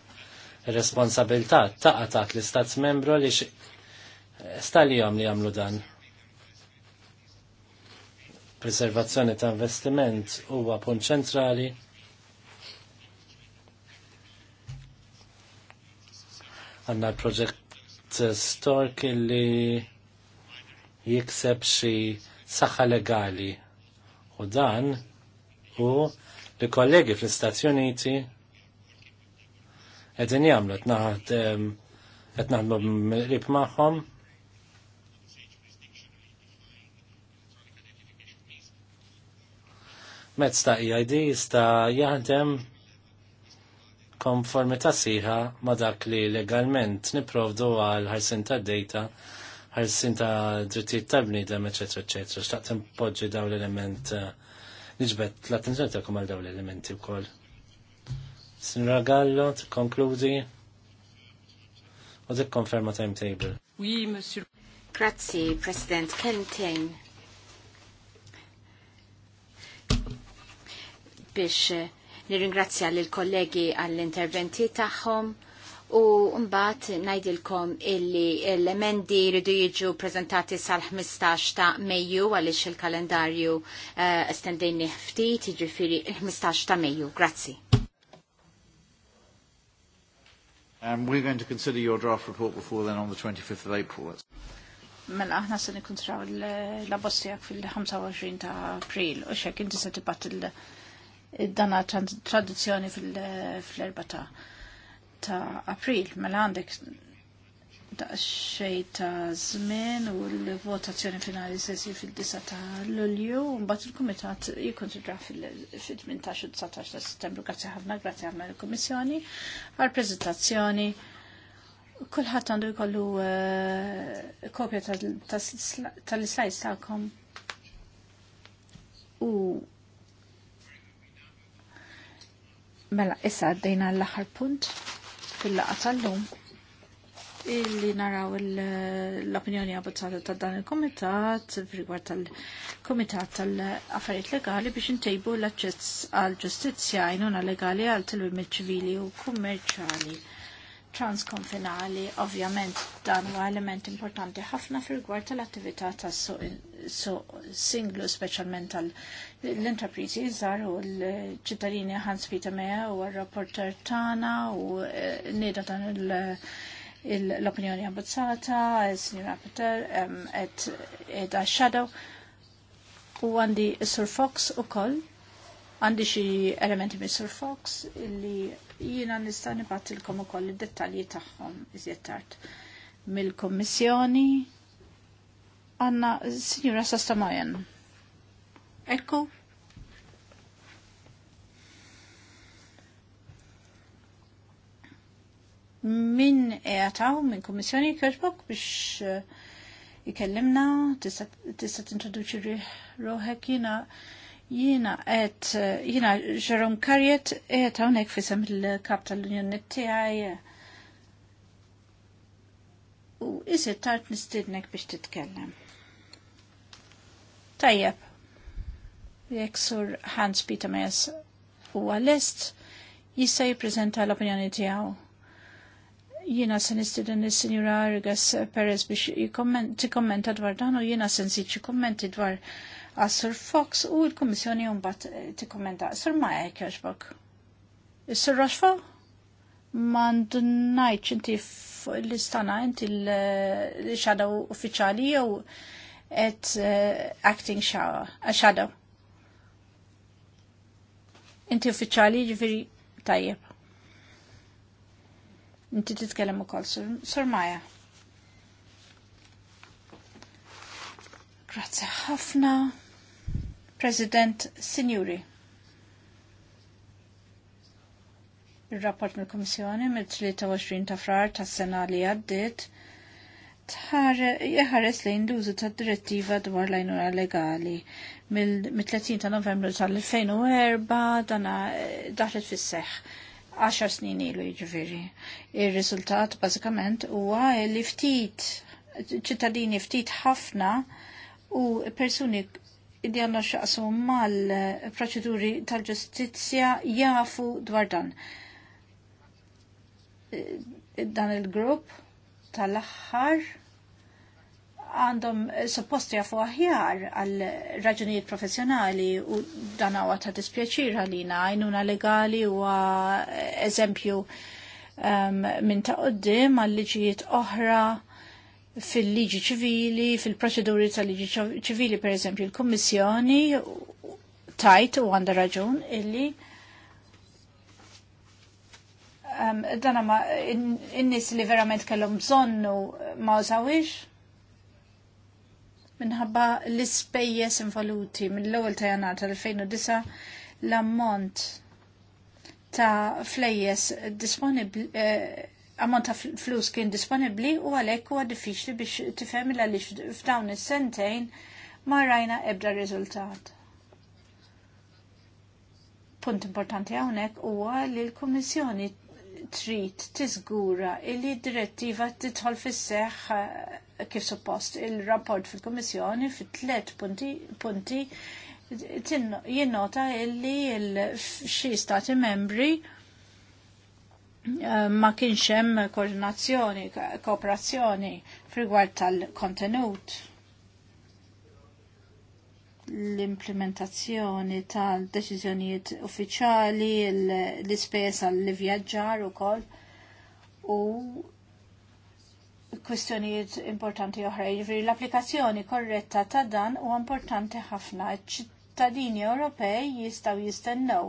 Speaker 2: responsabilità taqa taħt l stats membru li stalijom li jamlu dan. Preservazzjoni ta' investiment huwa punt ċentrali. Għanna l-proġett stork li jikseb xi saħħa legali u dan u li kollegi fl-Istati Uniti qegħdin jagħmlu qed naħdmu mill-qrib magħhom. Mezz ta' EID jista' jaħdem konformità ma' dak li legalment niprovdu għal ħarsin ta' data ħarsin ta' drittijiet ta' bnidem, eccetera, eccetera. Xtaqt impoġġi daw l-element, eh, nġbet l-attenzjoni ta' għal daw l-elementi u koll. Sinra Gallo, konkludi u dik konferma timetable.
Speaker 1: Oui, monsieur. Grazzi, President. Kentejn biex eh, nirringrazzja lil kollegi għall-interventi tagħhom u mbagħad ngħidilkom illi l-emendi jridu jiġu preżentati sal-15 ta' Mejju għaliex il-kalendarju eh, estendejni ftit, jiġifieri il-15 ta' Mejju. Grazzi.
Speaker 3: Um, we're going to consider your draft report before then on the 25th of April. Mela, aħna se nikontraw l-abbostijak fil-25 ta' april, u xek inti se tibat il-dana tradizjoni fil erba ta' april. Mela, għandek daqxej ta' żmien u l-votazzjoni finali se jsir fil-9 ta' Lulju ulju mbagħad il-kumitat jikkonsidra fil-18 u ta' Settembru. Grazzi ħafna, grazzi ħafna l-Kummissjoni għall-preżentazzjoni. Kulħadd għandu jkollu eh, kopja tal-slides tagħkom. U Mela, issa għaddejna l-aħħar punt fil-laqa tal-lum illi naraw l-opinjoni abbozzata ta' dan il-komitat rigward tal-komitat tal-affarijiet legali biex intejbu l-aċċess għal ġustizzja għajnuna legali għal tilwimiet ċivili u kummerċali transkonfinali ovvjament dan huwa element importanti ħafna fil-gwar tal-attività tas so, so singlu speċjalment tal-intraprizi żgħar u l-ċittadini Hans Peter Meja u r-rapporter tagħna u eh, nieda dan il- l-opinjoni abbozzata, il-Senior Rapporteur, ed shadow u għandi Sir Fox u koll, għandi xi elementi minn Sir Fox li jina nistan nibatilkom ukoll id-dettalji tagħhom iżjed Mill-Kommissjoni għandna Signora Sastamajan. Ekku, min eħataw minn kommissjoni kħerġbok biex eh, ikellimna, tista t-introduċi roħek jina jina għet, eh, jina ġerom karjet għet għonek fisem il-kap tal-Unjoni tijaj. U iżid tart nistidnek biex titkellem. Tajjeb, jek sur Hans Peter Mejas u għal-est jista jiprezenta l-opinjoni tijaw jina sen istiden il-Sinjura Arigas Perez biex ti kommenta dwar dan u jina sen si kommenti dwar Assur Fox u il komissjoni bat eh, ti kommenta Sur ma għek jaxbok. Sur Roxfo? Mand najċ inti l-istana inti l-xadaw uffiċali jew et eh, acting shadow. Inti uffiċali ġifiri tajjeb. Inti titkellem ukoll Sur Maja. Grazzi ħafna. President Signuri. Il-rapport mill-Komissjoni mill-23 ta' frar ta' sena li għaddit jħares li indużu ta' direttiva dwar l-għajnuna legali mill-30 ta' novembru tal-2004 dana eh, daħlet fis seħħ għaxar snin ilu jiġifieri. Ir-riżultat bażikament huwa li ftit ċittadini ftit ħafna u persuni id għanna xaqsu mal-proċeduri tal-ġustizzja jafu dwar dan. Eh, dan il-grupp tal-aħħar għandhom eh, supposti jafu aħjar għal raġunijiet professjonali u dan huwa ta' dispjaċir għalina għajnuna legali u eh, eżempju um, minn ta' għoddim għal liġijiet oħra fil-liġi ċivili, fil-proċeduri tal-liġi ċivili per eżempju il-Kommissjoni tajt u għanda raġun illi um, dan ma in-nis li verament kellhom bżonnu ma użawix minħabba l-ispejjeż involuti mill-ewwel ta' janar tal-2009 l-ammont ta' flejjes disponibbli eh, ammont ta' flus kien disponibbli u għalhekk huwa diffiċli biex tifhem għaliex f'dawn is-sentejn ma rajna ebda riżultat. Punt importanti hawnhekk huwa li l-Kummissjoni trid tiżgura li d-direttiva titħol fis-seħħ kif suppost il-rapport fil-Kommissjoni fit-tlet punti jinnota illi xi stati membri eh, ma kienx hemm koordinazzjoni, kooperazzjoni f'rigward tal-kontenut l-implementazzjoni tal-deċiżjonijiet uffiċjali, l-ispesa l-vjaġġar ukoll u kwistjonijiet importanti oħra. Jiġri l-applikazzjoni korretta ta' dan huwa importanti ħafna. ċittadini Ewropej jistgħu jistennew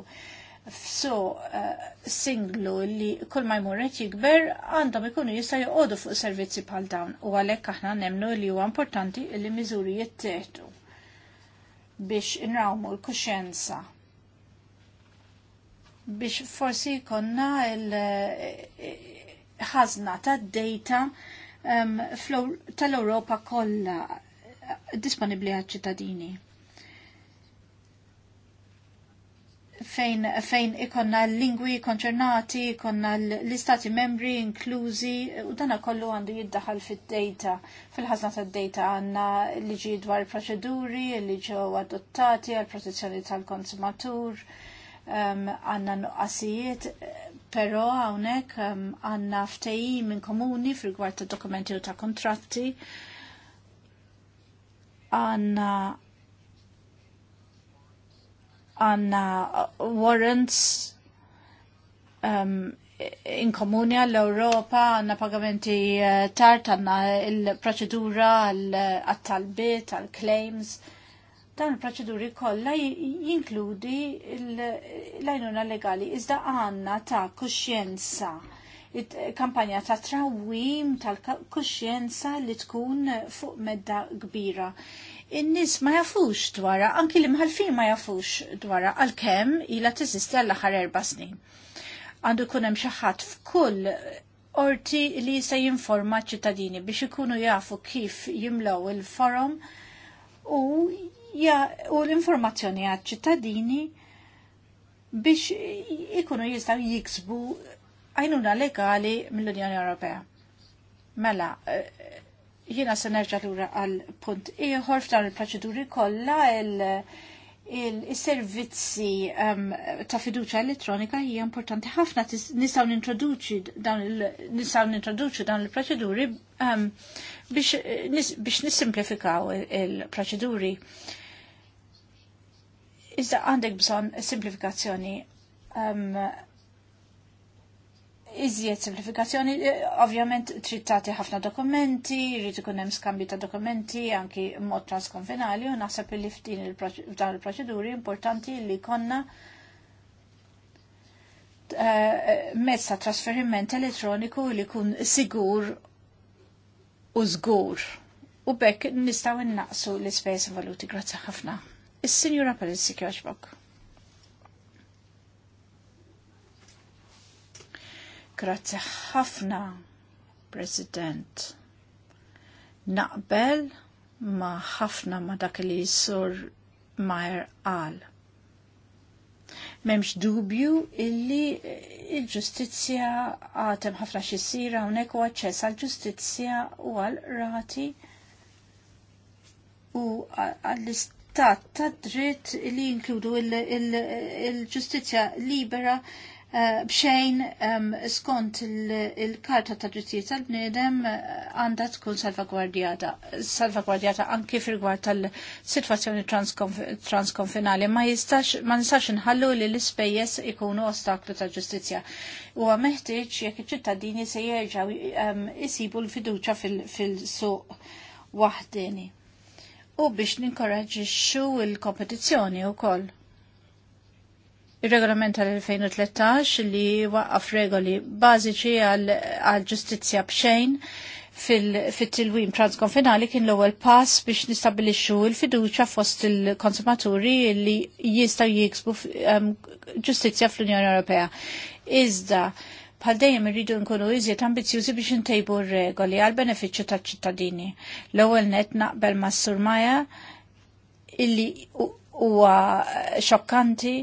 Speaker 3: f'so eh, singlu li kull ma jmur qed jikber għandhom ikunu jista' joqogħdu fuq servizzi bħal dawn u għalhekk aħna nemnu li huwa importanti li miżuri jittieħdu biex inrawmu l kuxjenza biex forsi jkollna l-ħażna eh, tad data um, tal-Europa kollha uh, disponibbli għal-ċittadini. Fejn, fejn ikonna l-lingwi konċernati, ikonna l-istati membri inklużi, u dana kollu għandu jiddaħal fil-data, fil-ħazna ta' data għanna liġi dwar proċeduri, li ġew adottati għal protezzjoni tal-konsumatur, um, għanna um, nuqqasijiet, pero għawnek ehm, għanna ftehim ftejji minn komuni fil-gwart ta' dokumenti u ta' kontratti għanna għanna uh, warrants um, in komuni għall-Europa għanna pagamenti uh, eh, tart għanna il-proċedura għall-talbiet, għall-claims. Uh, dan il-proċeduri kollha jinkludi l-għajnuna legali. Iżda għanna ta' kuxjenza, kampanja ta' trawim tal-kuxjenza li tkun fuq medda kbira. In-nies ma jafux dwara, anki li mħalfin ma jafux dwara għal kem ila tiżisti għall-aħħar erba' snin. Għandu jkun hemm xi ħadd f'kull orti li se jinforma ċittadini biex ikunu jafu kif jimlaw il-forum u ja, u l-informazzjoni għad ċittadini biex ikunu jistaw jiksbu għajnuna legali mill-Unjoni Ewropea. Mela, eh, jiena se nerġa' lura għal punt ieħor f'dan il-proċeduri kollha il-servizzi um, ta' fiduċa elettronika hija importanti ħafna nistgħu nintroduċi dawn nistgħu nintroduċi dawn il-proċeduri um, biex, eh, nis, nissimplifikaw il-proċeduri. il proċeduri Iżda għandek bżon simplifikazzjoni. Um, Iżjed simplifikazzjoni, eh, ovvjament trid tagħti ħafna dokumenti, jrid ikun hemm skambju ta' dokumenti anki mod transkonfinali u naħseb li f'din dan il-proċeduri importanti li konna eh, mezz ta' trasferiment elettroniku li kun sigur u żgur. U bekk nistgħu innaqsu l-ispejjeż valuti grazzi ħafna. Is-Sinjura Palissi kjaġbok. Grazzi ħafna, President. Naqbel ma ħafna ma dak li sur Majer qal. Memx dubju illi il-ġustizja għatem ħafna xisira unek u għacċess għal-ġustizja u għal-rati u għall-ist Ta' ta' dritt li jinkludu il-ġustizja libera eh, bxejn skont il-karta ta' drittijiet tal-bnedem eh, għandha tkun salvagwardjata, salvagwardjata anki fil-gwar tal-situazzjoni transkonfinali. Ma jistax, ma nistax nħallu li l-ispejjes ikunu ostaklu ta' ġustizja. U għameħtieġ jekk iċ-ċittadini se jerġgħu jisibu l-fiduċa fil-suq waħdini u biex ninkoraġixxu l-kompetizzjoni wkoll. Ir-regolament tal-2013 li waqqaf regoli bażiċi għal ġustizzja bxejn fit-tilwim transkonfinali kien l-ewwel pass biex nistabilixxu l-fiduċja fost il-konsumaturi li jistgħu jiksbu um, ġustizzja fl-Unjoni Ewropea. Iżda, Bħal dejjem irridu nkunu iżjed ambizjużi biex intejbu r-regoli għal benefiċċju taċ ċittadini L-ewwel net naqbel ma' Sur Maja illi huwa xokkanti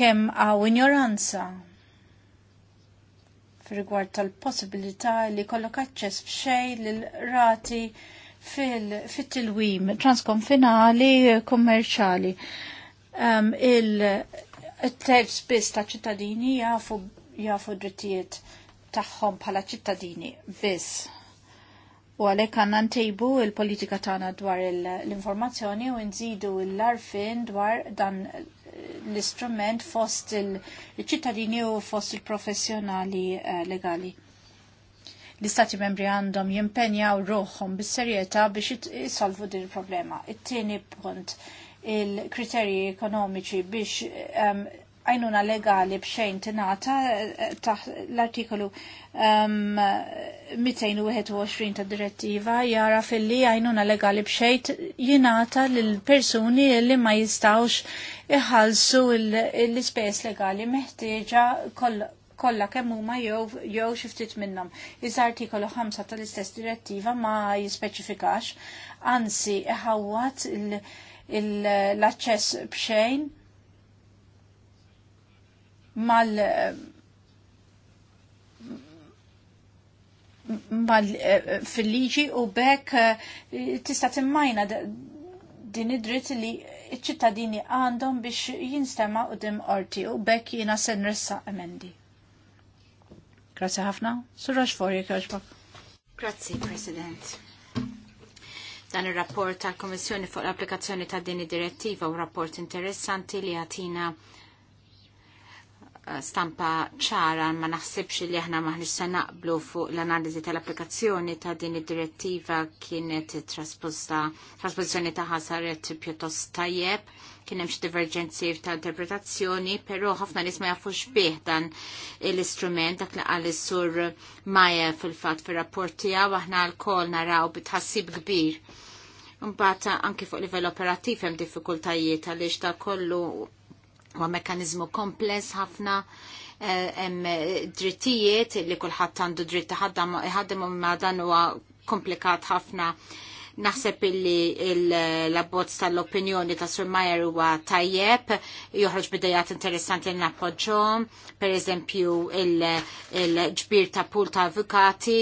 Speaker 3: kemm għaw ignoranza f'rigward tal-possibilità li kollok aċċess f'xej lil rati fit tilwim transkonfinali kummerċali. Um, il-terz biss ta' ċittadini jafu jafu drittijiet tagħhom bħala ċittadini biss. U għalhekk għandna ntejbu il-politika tagħna dwar l-informazzjoni u nżidu l-arfin dwar dan l-istrument fost il-ċittadini u fost il-professjonali eh, legali. L-istati membri għandhom jimpenjaw ruħhom bis-serjetà biex jisolvu din il-problema. It-tieni punt il-kriterji ekonomiċi biex ehm, għajnuna legali bxejn tinata eh, eh, taħt l-artikolu 221 ehm, ta' direttiva jara fil-li għajnuna legali bxejn jinata l-persuni li ma jistawx iħalsu l ispes legali meħtieġa kolla kemm huma jew xiftit xi ftit minnhom. Iż artikolu 5 tal-istess direttiva ma jispeċifikax, anzi iħawwat l-aċċess bxejn mal eh, mal eh, fil-liġi u bekk eh, tista' timmajna din id-dritt li iċ-ċittadini għandhom biex jinstema' u dim orti u bekk jina sen ressa emendi. Grazie ħafna. Surrax forri kħoġbak.
Speaker 1: Grazie, President. Dan il-rapport tal-Komissjoni fuq l-applikazzjoni ta' din id-direttiva u rapport interessanti li għatina stampa ċara ma naħsibx li aħna maħnix se naqblu fuq l-analiżi tal-applikazzjoni ta' din id-direttiva kienet trasposta trasposizzjoni ta' ħasaret pjuttost tajjeb kien hemm xi ta' interpretazzjoni, però ħafna nies ma jafux bih dan l-istrument dak li qal sur Maja fil-fatt fir-rapport tiegħu aħna lkoll naraw bitħassib kbir. Mbagħad anke fuq livell operattiv hemm diffikultajiet għaliex ta' kollu huwa mekkaniżmu kompless ħafna eh, hemm eh, drittijiet li kulħadd għandu dritt iħaddem ma dan huwa komplikat ħafna. Naħseb illi l-abbozz tal-opinjoni ta' Sur Majer huwa tajjeb, joħroġ bidejat interessanti li nappoġġhom, per eżempju il-ġbir ta' pul ta' avukati,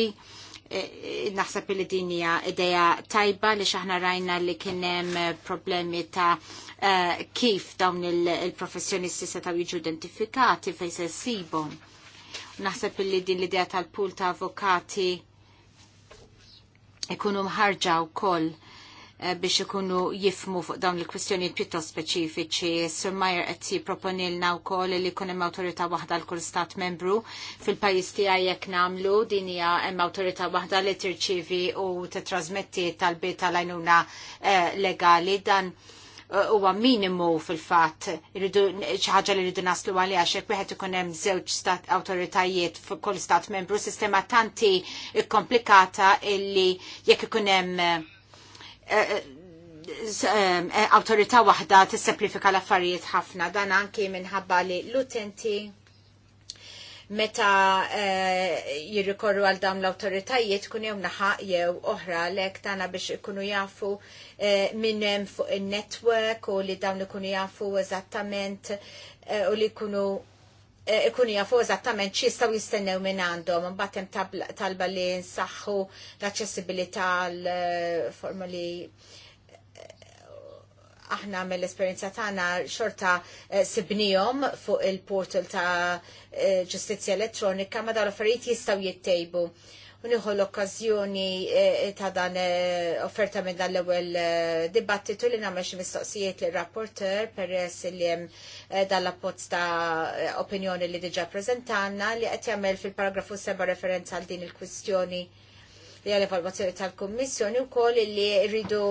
Speaker 1: eh, naħseb illi din hija idea tajba li xaħna rajna li kien hemm problemi ta' Eh, kif dawn il-professjonisti se taw jiġu identifikati fejn se sibom. Naħseb li din l-idea tal-pool ta' avokati ikunu mħarġa wkoll eh, biex ikunu jifmu fuq dawn il-kwistjoni pjuttost speċifiċi. Sir Majer qed jipproponilna wkoll li jkun hemm awtorità waħda l kull stat membru fil-pajjiż tiegħi jekk nagħmlu din hija hemm awtorità waħda li tirċivi u titrasmetti talbiet tal-għajnuna eh, legali dan Eh, huwa minimu fil-fatt xi ħaġa li rridu naslu għalli għax wieħed ikun hemm żewġ stat awtoritajiet f'kull stat membru sistema tanti komplikata illi jekk ikun hemm eh, eh, awtorità waħda tissemplifika l-affarijiet ħafna dan anki minħabba li l-utenti meta eh, jirrikorru għal dawn l-autoritajiet kun jew naħaq jew oħra lek tana biex ikunu jafu eh, minn hemm fuq in-network u li dawn ikunu jafu eżattament eh, u li jkunu ikunu jafu eżattament xistaw jistennew minn għandhom, mbagħad hemm talba li nsaxħu l accessibilità l-formali aħna mill-esperienza tagħna xorta eh, sibnijom fuq il-portal ta' eh, ġustizzja elettronika ma dawn affarijiet jistgħu jittejbu. Uniħu l-okkazjoni eh, ta' dan offerta minn dan l-ewwel dibattitu li nagħmel xi mistoqsijiet lir rapporter peress li hemm dan l-appozz ta' opinjoni li diġà ppreżentana li qed jagħmel fil-paragrafu seba' referenza għal din il-kwistjoni li għal evalwazzjoni tal-Kommissjoni wkoll li rridu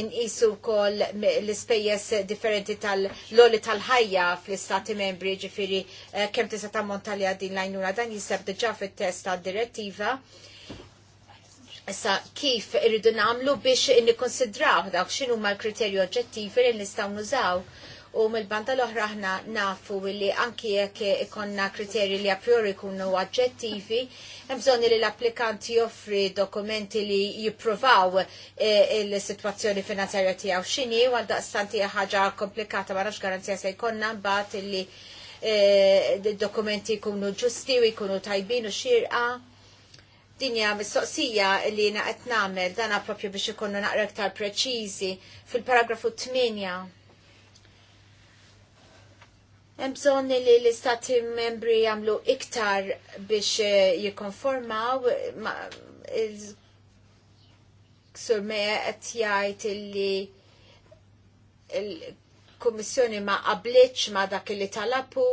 Speaker 1: in-isu wkoll l-ispejjeż differenti tal-loli tal-ħajja fl-istati membri ġifieri eh, kemm tista' tammonta li għaddin lajnuna dan jiseb diġà fit-test tad-direttiva. Issa kif irridu nagħmlu biex nikkonsidraw dak x'inhuma l-kriterji oġġettivi li nistgħu nużaw u mill-banda l-oħra ħna nafu li anki jekk ikonna kriterji li a priori kunu aġġettivi hemm bżonn li l-applikanti joffri dokumenti li jippruvaw eh, il-sitwazzjoni finanzjarja tiegħu x'inhi u għal daqstanti ħaġa komplikata ma nafx garanzija se jkollna mbagħad illi eh, dokumenti jkunu ġusti u jkunu tajbin u xirqa dinja mistoqsija li naqet nagħmel dana propju biex ikunu naqra ktar preċizi fil-paragrafu 8 Hemm bżonn li l-istati membri jagħmlu iktar biex eh, jikkonformaw eh, sur me qed jajt li l-Kummissjoni ma qablitx ma dak li talabu.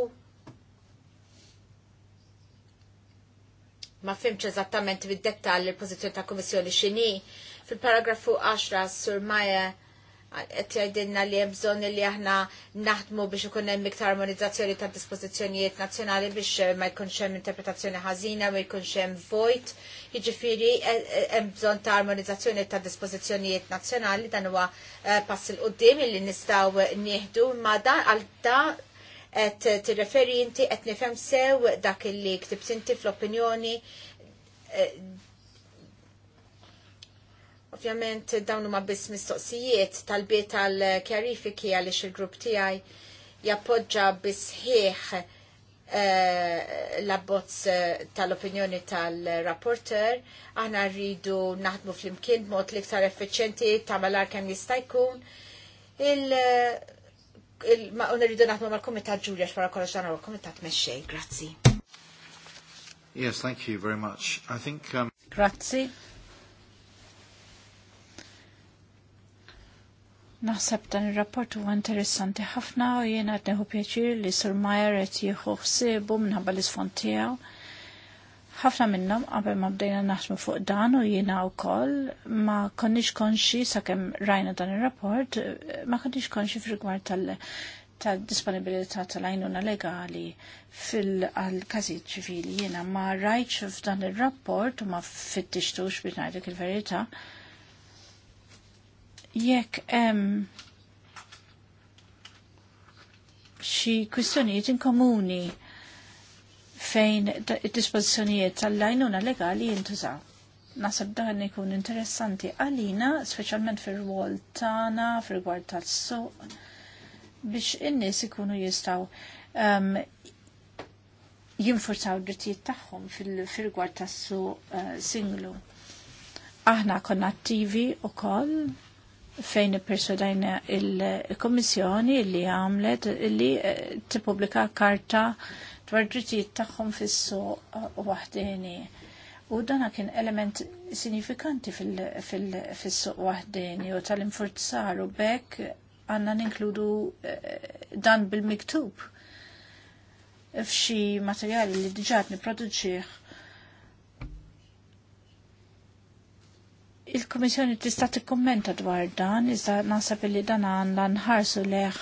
Speaker 1: Ma fimx eżattament bid detta l pozizjoni ta' kommissjoni x'inhi. Fil-paragrafu 10 sur Maja qed jgħidilna li hemm bżonn li aħna naħdmu biex ikun hemm iktar armonizzazzjoni ta' dispożizzjonijiet nazzjonali biex eh, ma jkunx hemm interpretazzjoni ħażina, ma jkunx hemm vojt. Jiġifieri eh, eh, hemm bżonn ta' armonizzazzjoni ta' dispożizzjonijiet nazzjonali dan huwa pass il qudiem li nistgħu nieħdu ma dan għal da qed tirreferi inti qed nifhem sew dak li ktibt fl-opinjoni Ovvjament dawn huma biss mistoqsijiet tal bie tal-kjarifiki għaliex il-grupp tiegħi jappoġġa bisħieħ eh, l-abbozz eh, tal-opinjoni tal-rapporter, aħna rridu naħdmu fl-imkien mod iktar effiċenti tamalar kem jistajkun. Ma rridu naħdmu mal-komitat Ġulja xfara kollox dan komitat meċċej. Grazzi.
Speaker 2: Yes, thank you very much. I think... Um...
Speaker 1: Grazzi.
Speaker 3: Naħseb dan il-rapport huwa interessanti ħafna u jiena għadni hu pjaċir li Sur Majer qed jieħu ħsiebu minħabba l-isfond tiegħu. Ħafna minnhom qabel ma bdejna naħdmu fuq dan u jiena wkoll ma konniex konxi sakemm rajna dan ir-rapport ma konniex konxi f'rigward tal- tal-disponibilità tal-għajnuna legali fil-każijiet ċivili jiena ma rajtx f'dan ir-rapport u ma fittixtux biex ngħidlek il-verità. il il verità jekk hemm xi kwistjonijiet inkomuni fejn id-dispożizzjonijiet tal-lajnuna legali jintużaw. Nasab dan ikun interessanti għalina, speċjalment fir-rwol tagħna, fir-rigward tas-suq, biex in-nies ikunu jistgħu um, jinfurzaw drittijiet tagħhom fil-rigward tas su uh, singlu. Aħna konna attivi u koll fejn persodajna il-Komissjoni li għamlet li eh, t-publika karta dwar drittijiet tagħhom fis-suq eh, U dana kien element sinifikanti fil-suq u tal-infurzar u bekk għanna ninkludu eh, dan bil-miktub f'xi materjali li diġat niproduċiħ il-Komissjoni tista' tikkummenta dwar dan, iżda naħseb li dan għandha nħarsu leħ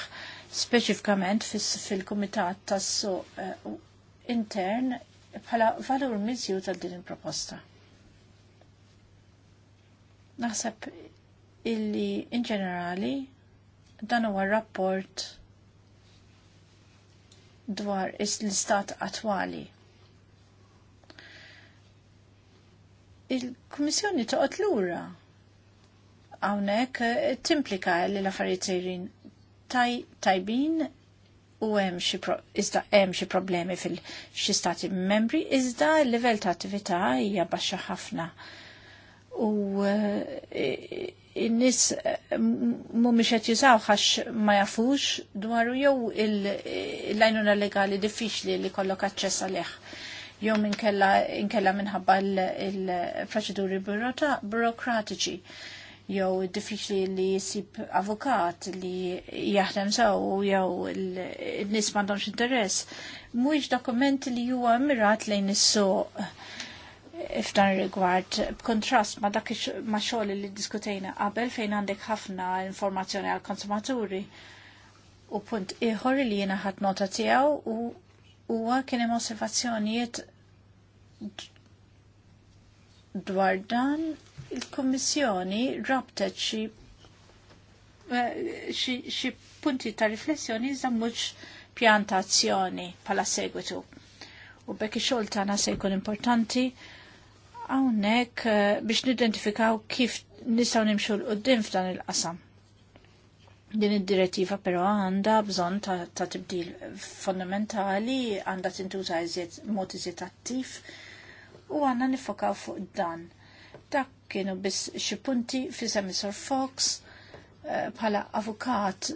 Speaker 3: speċifikament fil-Kumitat tas-suq eh, intern bħala valur miżju ta' din il-proposta. Naħseb illi in ġenerali dan huwa rapport dwar l-istat attwali il-Kummissjoni toqgħod lura. Hawnhekk eh, timplika li l-affarijiet sejrin tajbin u hemm xi iżda hemm xi problemi fil-xi stati membri iżda l-livell ta' attività hija baxxa ħafna. U eh, in-nies eh, mhumiex qed jużaw għax ma jafux dwaru jew il-għajnuna legali diffiċli li kollok aċċess għalih jom inkella minħabba l-proċeduri burokratiċi jew diffiċli li jisib avukat li jaħdem sew jew n-nies m'għandhomx interess. Mhuwiex dokument li huwa mirat lejn is-suq f'dan rigward b'kontrast ma dak ma xogħol li diskutejna qabel fejn għandek ħafna informazzjoni għall konsumaturi u punt ieħor li jiena ħadd nota tiegħu u huwa kien hemm osservazzjonijiet dwar dan il-Kummissjoni rabtet eh, xi xi punti ta' riflessjoni iżda mhux pjantazzjoni pala segwitu. U bekk ix-xogħol tagħna se jkun importanti hawnhekk eh, biex nidentifikaw kif nistgħu nimxu l qudiem f'dan il-qasam. Din id-direttiva però għandha bżonn ta', ta tibdil fondamentali, għandha tintuża mod iżiet attiv u għandna nifokaw fuq dan. Dak kienu biss xi punti fi Semisor Fox eh, bħala uh, avukat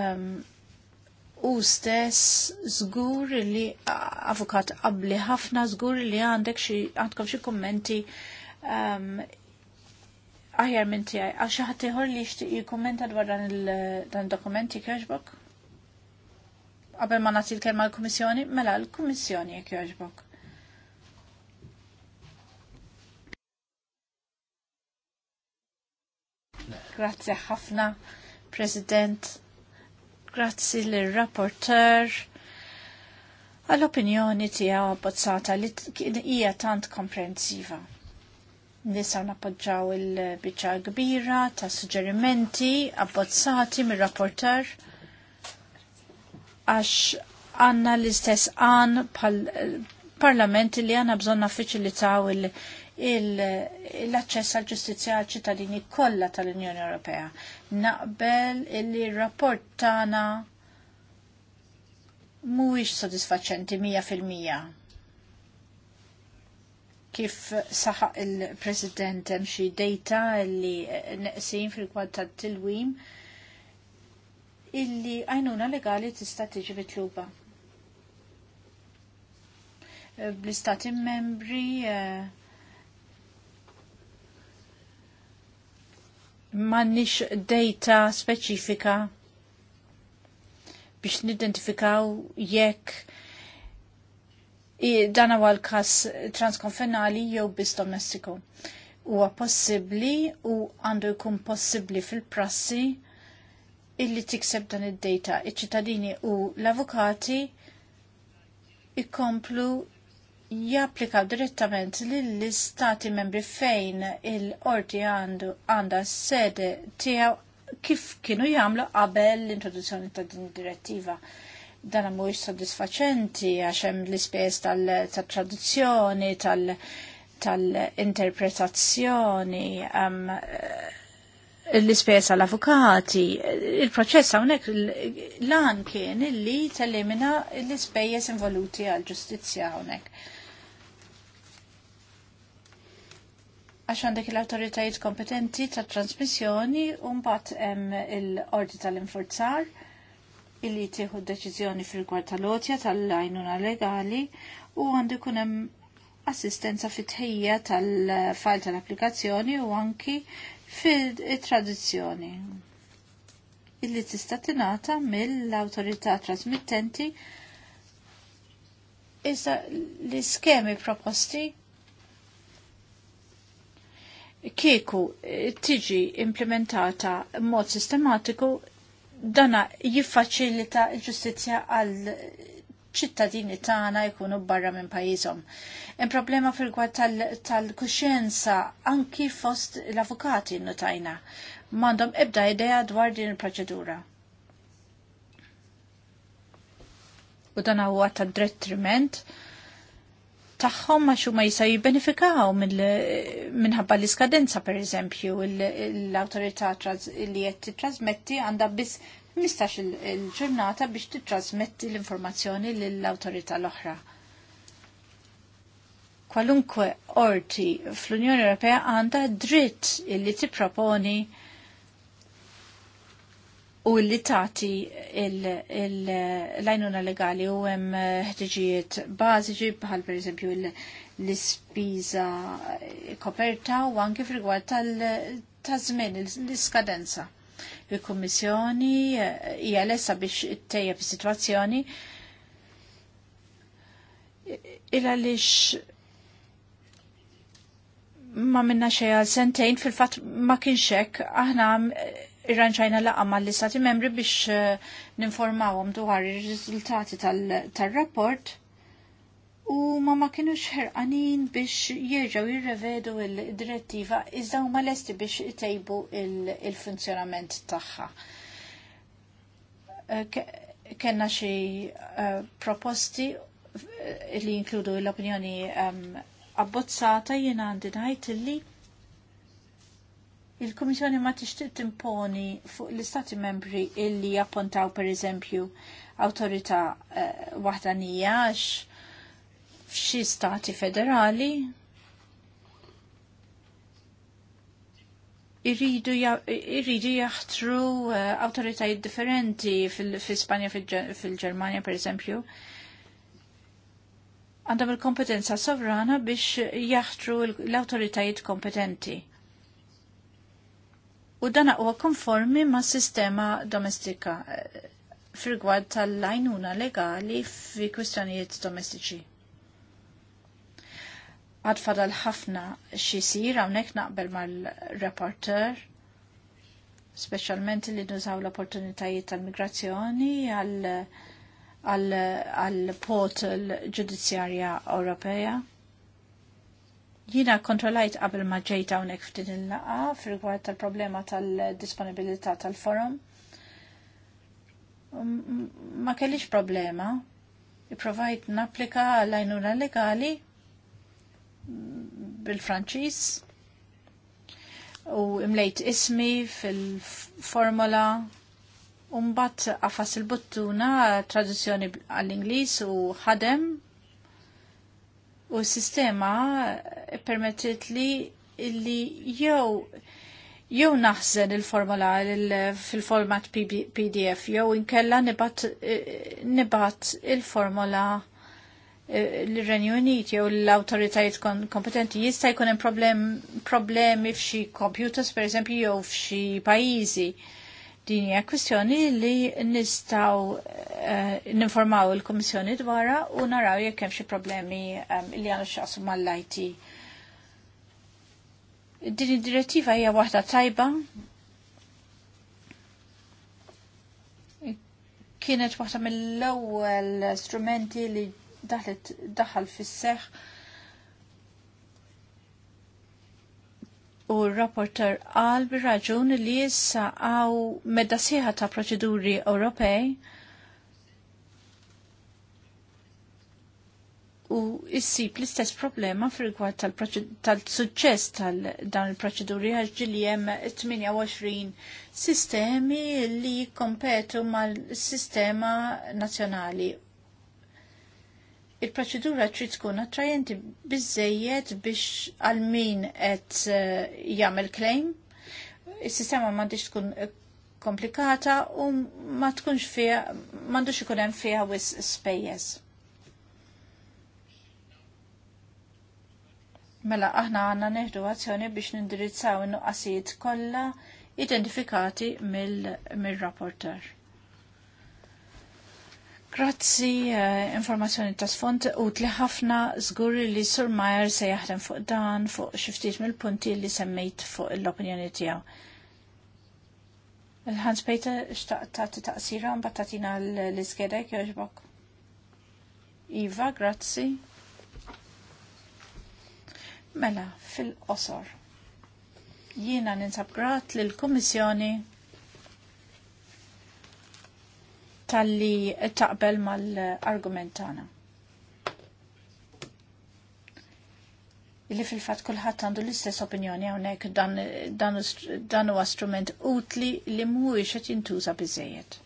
Speaker 3: um, u stess żgur li avukat qabli ħafna żgur li għandek xi għandkom xi kummenti um, aħjar minn tiegħi għax xi ħadd ieħor li jixtieq jikommenta dwar dan il dokumenti jekk Qabel ma nagħti l-kelma l-Kummissjoni, mela l-Kummissjoni jekk jogħġbok. Grazie ħafna, President. Grazzi l-rapporter għall-opinjoni tiegħu bozzata li hija tant komprensiva nisaw nappoġġaw il-bicċa kbira ta' suġġerimenti abbozzati mir rapporter għax għanna l-istess għan parlament li għanna bżonna faċilitaw l-access għal ġustizja għal ċittadini kollha tal-Unjoni Ewropea. Naqbel li rapport tana mhuwiex sodisfaċenti mija fil-mija kif saħaq il-President hemm xi data li neqsin fil-kwad tat-tilwim illi għajnuna legali tista' tiġi mitluba. Eh, bl-istati membri eh, m'għandniex data speċifika biex nidentifikaw jekk dan huwa l-każ transkonfenali jew biss domestiku. Huwa possibbli u għandu jkun possibbli fil-prassi illi tikseb dan id-data. Iċ-ċittadini u l-avukati ikomplu japplikaw direttament lill-istati membri fejn il-qorti għandha s-sede tiegħu kif kienu jagħmlu qabel l-introduzzjoni ta' din id direttiva dan mhuwiex soddisfaċenti għax hemm l-ispejjeż tal-traduzzjoni, tal tal-interpretazzjoni, eh, l-ispejjeż ispejjeż tal avukati Il-proċess hawnhekk lan kien illi telimina l-ispejjeż involuti għall-ġustizzja hawnhekk. għax għandek l-autoritajiet kompetenti ta' trasmissjoni un bat il-ordi tal-infurzar illi tieħu deċiżjoni fil-gwar tal-lotja tal-għajnuna legali u għandu jkun hemm assistenza fit-tħejja tal-fajl tal-applikazzjoni u anki fil-tradizzjoni illi tista' tingħata mill-awtorità trasmittenti iżda l-iskemi proposti kieku tiġi implementata mod sistematiku dana jiffaċilita l-ġustizzja għal ċittadini tagħna jkunu barra minn pajjiżhom. Hemm problema fil-gwad tal-kuxjenza tal anki fost l-avukati notajna. M'għandhom ebda idea dwar din il-proċedura. U dan huwa ta' drettriment tagħhom għax huma jistgħu jibbenifikaw minħabba l-iskadenza pereżempju l-awtorità li qed titrasmetti għandha biss mistax il-ġurnata biex titrasmetti l-informazzjoni lill-awtorità l-oħra. Kwalunkwe orti fl-Unjoni Ewropea għandha dritt li tipproponi proponi u li tati l-għajnuna legali u hemm eh, ħtiġijiet bażiċi bħal per eżempju l-ispiża koperta u anke f'rigward tal-żmien l-iskadenza. Il-Kummissjoni hija eh, lesa biex tejjeb is-sitwazzjoni illa lix ma minna xejn sentejn fil-fatt ma kienx hekk aħna irranċajna ma mal istati membri biex eh, ninformawhom dwar ir-riżultati tal-rapport u ma ma kienu ħerqanin biex jirġaw jirrevedu il-direttiva iżda huma lesti biex itejbu il-funzjonament tagħha. Eh, kenna xi eh, proposti li jinkludu l-opinjoni ehm, abbozzata jiena għandi ngħid li il kommissjoni ma tixtieq timponi fuq l-Istati membri illi jappontaw per eżempju awtorità uh, waħdanija f'xi stati federali irridu jaħtru uh, awtoritajiet differenti fil-Spanja fil-Ġermanja per eżempju għandhom il-kompetenza sovrana biex jaħtru l-autoritajiet kompetenti u dan huwa konformi ma' sistema domestika eh, fil-gwad tal-lajnuna legali fi kwistjonijiet domestiċi. Għad fadal ħafna xisir għawnek naqbel mal-reporter, specialment li nużaw l-opportunitajiet tal-migrazzjoni għal portal l-ġudizzjarja Ewropea Jina kontrollajt qabel ma ġejta unek f'din il-laqa fil-gwart tal-problema tal-disponibilità tal-forum. Um, ma kellix problema. Iprovajt naplika għal għajnuna legali bil-Franċis u imlejt ismi fil-formola Umbat għafas il-buttuna traduzzjoni għall-Inglis u ħadem U s-sistema permettit li li jew jew naħżen il-formola fil-format PDF jew inkella nibat, il-formola eh, l-Renju Unit jew l-autoritajiet kompetenti jista' jkun hemm problemi f'xi computers pereżempju jew f'xi pajjiżi Din hija kwistjoni li nistgħu uh, eh, ninformaw il-Kummissjoni dwarha u naraw jekk hemm xi problemi um, li għandu x'qasu mal-IT. Din id-direttiva hija waħda tajba kienet waħda mill-ewwel strumenti li daħlet daħal fis-seħħ u r-rapporter għal bir-raġun li jissa għaw medda siħa ta' proċeduri Ewropej u issib l-istess problema fil-gwad tal-suċċess tal suċċess tal il-proċeduri għax li hemm 28 sistemi li kompetu mal-sistema nazzjonali il-proċedura trid tkun attrajenti biżejjed biex għal min qed eh, jagħmel claim. Is-sistema m'għandix tkun eh, komplikata u ma tkunx fiha m'għandux ikun hemm fiha wis spejjeż. Mela aħna għanna neħdu azzjoni biex nindirizzaw in-nuqqasijiet kollha identifikati mill-rapporter. Grazzi, eh, informazzjoni ta' sfont, u tli ħafna żgur li Sur Majer se jaħdem fuq dan fuq xi ftit mill-punti li semmejt fuq l-opinjoni tiegħu. Il-Hans Peter xtaqtati taqsira mbagħad tagħtina l-iskedek jogħġbok. Iva, grazzi. Mela, fil-qosor. Jiena ninsab grat lill-Kummissjoni tal-li taqbel mal-argumentana. Illi fil-fat kullħat għandu l-istess opinjoni għonek dan huwa strument utli li mhuwiex qed jintuża biżejjed.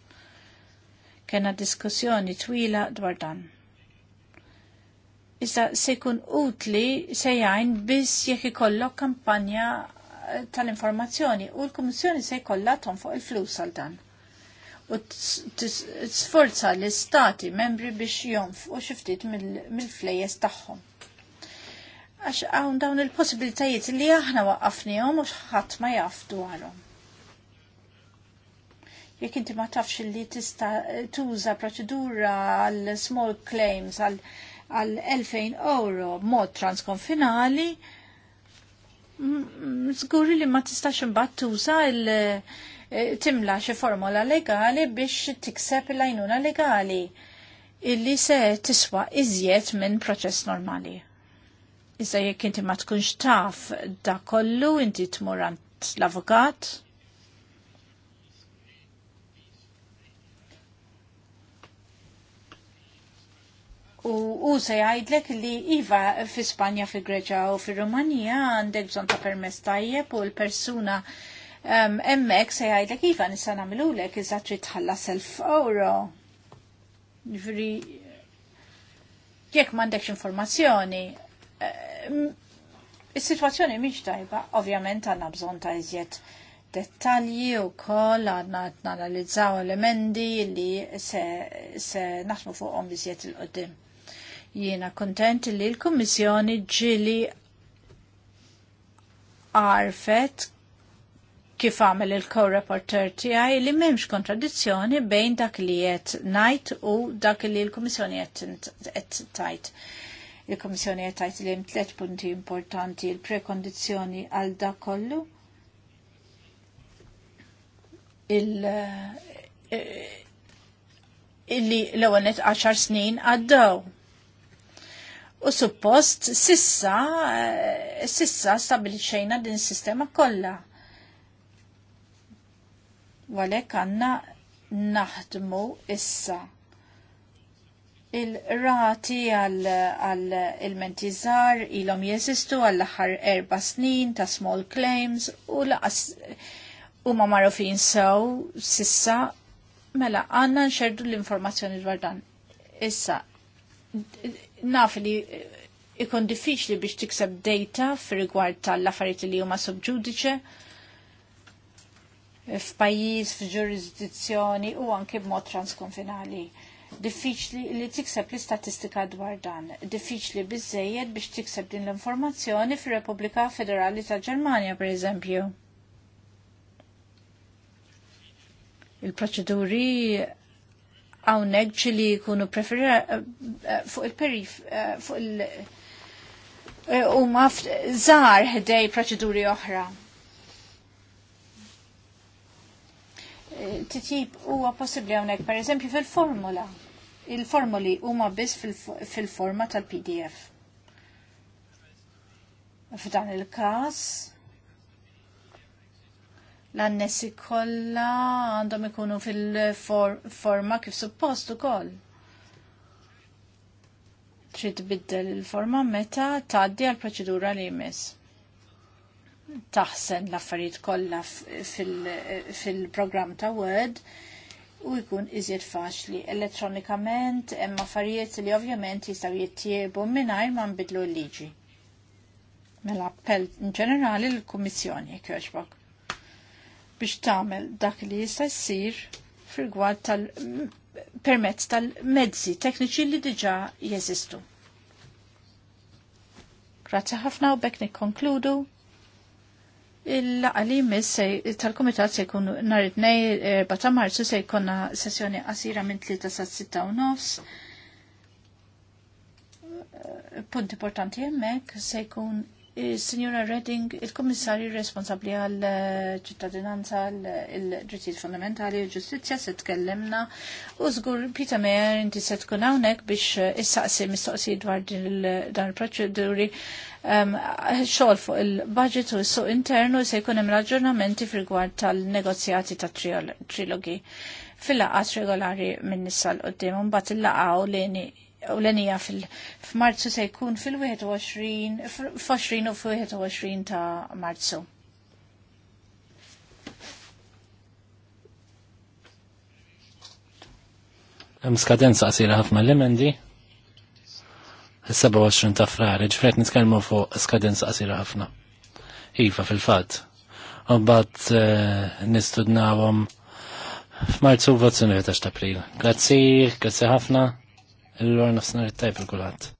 Speaker 3: Kena diskussjoni twila dwar dan. Issa se jkun utli se jgħin biss jekk ikollok kampanja tal-informazzjoni u l-Kummissjoni se jkollha fuq il-flus għal dan u t-sforza l-istati membri biex u xiftit mill-flejes tagħhom. Għax hawn dawn il-possibilitajiet li aħna waqqafnihom u ħadd ma jaf dwarhom. Jekk inti ma tafx li tista' tuża proċedura għal small claims għal 2000 euro mod transkonfinali, Zguri li ma tistax imbagħad tuża il- Eh, timla xi formola legali biex tikseb l-għajnuna legali illi se tiswa iżjed minn proċess normali. Iżda jekk inti ma tkunx taf da kollu inti tmurant l-avukat, U, u se jgħidlek li Iva fi Spanja, fi Greċa u fi Rumanija għandek bżon ta' permess tajjeb u l-persuna emmek se jgħidlek iva nista' nagħmilulek iżda trid self elf euro. Ġifieri jekk m'għandekx informazzjoni, Is-sitwazzjoni mhix tajba, ovvjament għandna bżonn ta' iżjed dettalji u koll għadna nanalizzaw elementi li se, se naħdmu fuqhom iżjed il-qoddim. Jiena kontent li l-Kummissjoni ġili għarfet kif għamel il-co-reporter tiegħi li m'hemmx kontradizzjoni bejn dak li qed ngħid u dak li l-Kummissjoni qed tajt. Il-Kummissjoni qed tajt li hemm tliet punti importanti il-prekondizzjoni għal dak kollu il eh, illi l-ewwel 10 snin għaddaw. U suppost sissa eh, sissa stabilixxejna din is-sistema kollha Walek għanna naħdmu issa il-rati għal il-mentizar ilom jesistu għall aħħar erba snin ta' small claims u laqas u ma marufin sew sissa mela għanna nxerdu l-informazzjoni dwar dan. Issa, naf li ikon diffiċli biex tikseb data fir rigward tal-affarijiet li huma subġudice, f'pajjiż, f'ġurisdizzjoni u anke b'mod transkonfinali. Diffiċli li tikseb l-istatistika dwar dan. Diffiċli biżejjed biex tikseb din l-informazzjoni fir-Repubblika Federali ta' Ġermanja, per eżempju. Il-proċeduri hawnhekk li jkunu eh, fuq il-perif eh, fuq il- eh, huma żgħar ħdej proċeduri oħra titjib huwa possibbli hawnhekk pereżempju fil-formula. Il-formuli huma biss fil-forma tal-PDF. F'dan il-każ l-annessi kollha għandhom ikunu fil-forma kif suppost ukoll. Trid biddel il-forma meta tgħaddi għall proċedura li jmiss taħsen l-affarijiet kollha fil-programm ta' Word u jkun iżjed faċli elettronikament hemm affarijiet li ovvjament jistgħu jittiebu mingħajr ma nbidlu l-liġi. Mela appell ġenerali l-Kummissjoni jogħġbok. biex tagħmel dak li jista' jsir fil tal-permezz tal-mezzi tekniċi li diġà jeżistu. Grazzi ħafna u bekk nikkonkludu Il-laqali mis tal-komitat se jkun nhar it 4 ta' Marzu se jkollna sessjoni qasira minn 3 sa' 6 u nofs. Punt importanti hemmhekk se jkun Signora Redding, il-Kommissarju responsabli għal eh, ċittadinanza, il-ġittijiet fondamentali u ġustizja se tkellemna u żgur Pita Meyer inti se tkun hawnhekk biex eh, issaqsi mistoqsijiet dwar dan il-proċeduri xogħol fuq il-budget u s-suq internu se jkun hemm raġunamenti fil-gwar tal-negozjati ta' trilogi fil laqas regolari minn nissa l-qoddim, mbagħad il-laqgħa u l-enija f'Marzu se jkun fil-21 20 u fil-21 ta' Marzu.
Speaker 2: Hemm skadenza qasira ħafna l-emendi 27 ta' frar, ġifret nitkellmu fuq skadenza qasira ħafna. Iva fil-fatt. U mbagħad eh, nistudnawhom f'Marzu votazzjoni ta' April. Grazzi, grazzi ħafna. Il-lorna f'snar it-tajb il-kulħadd.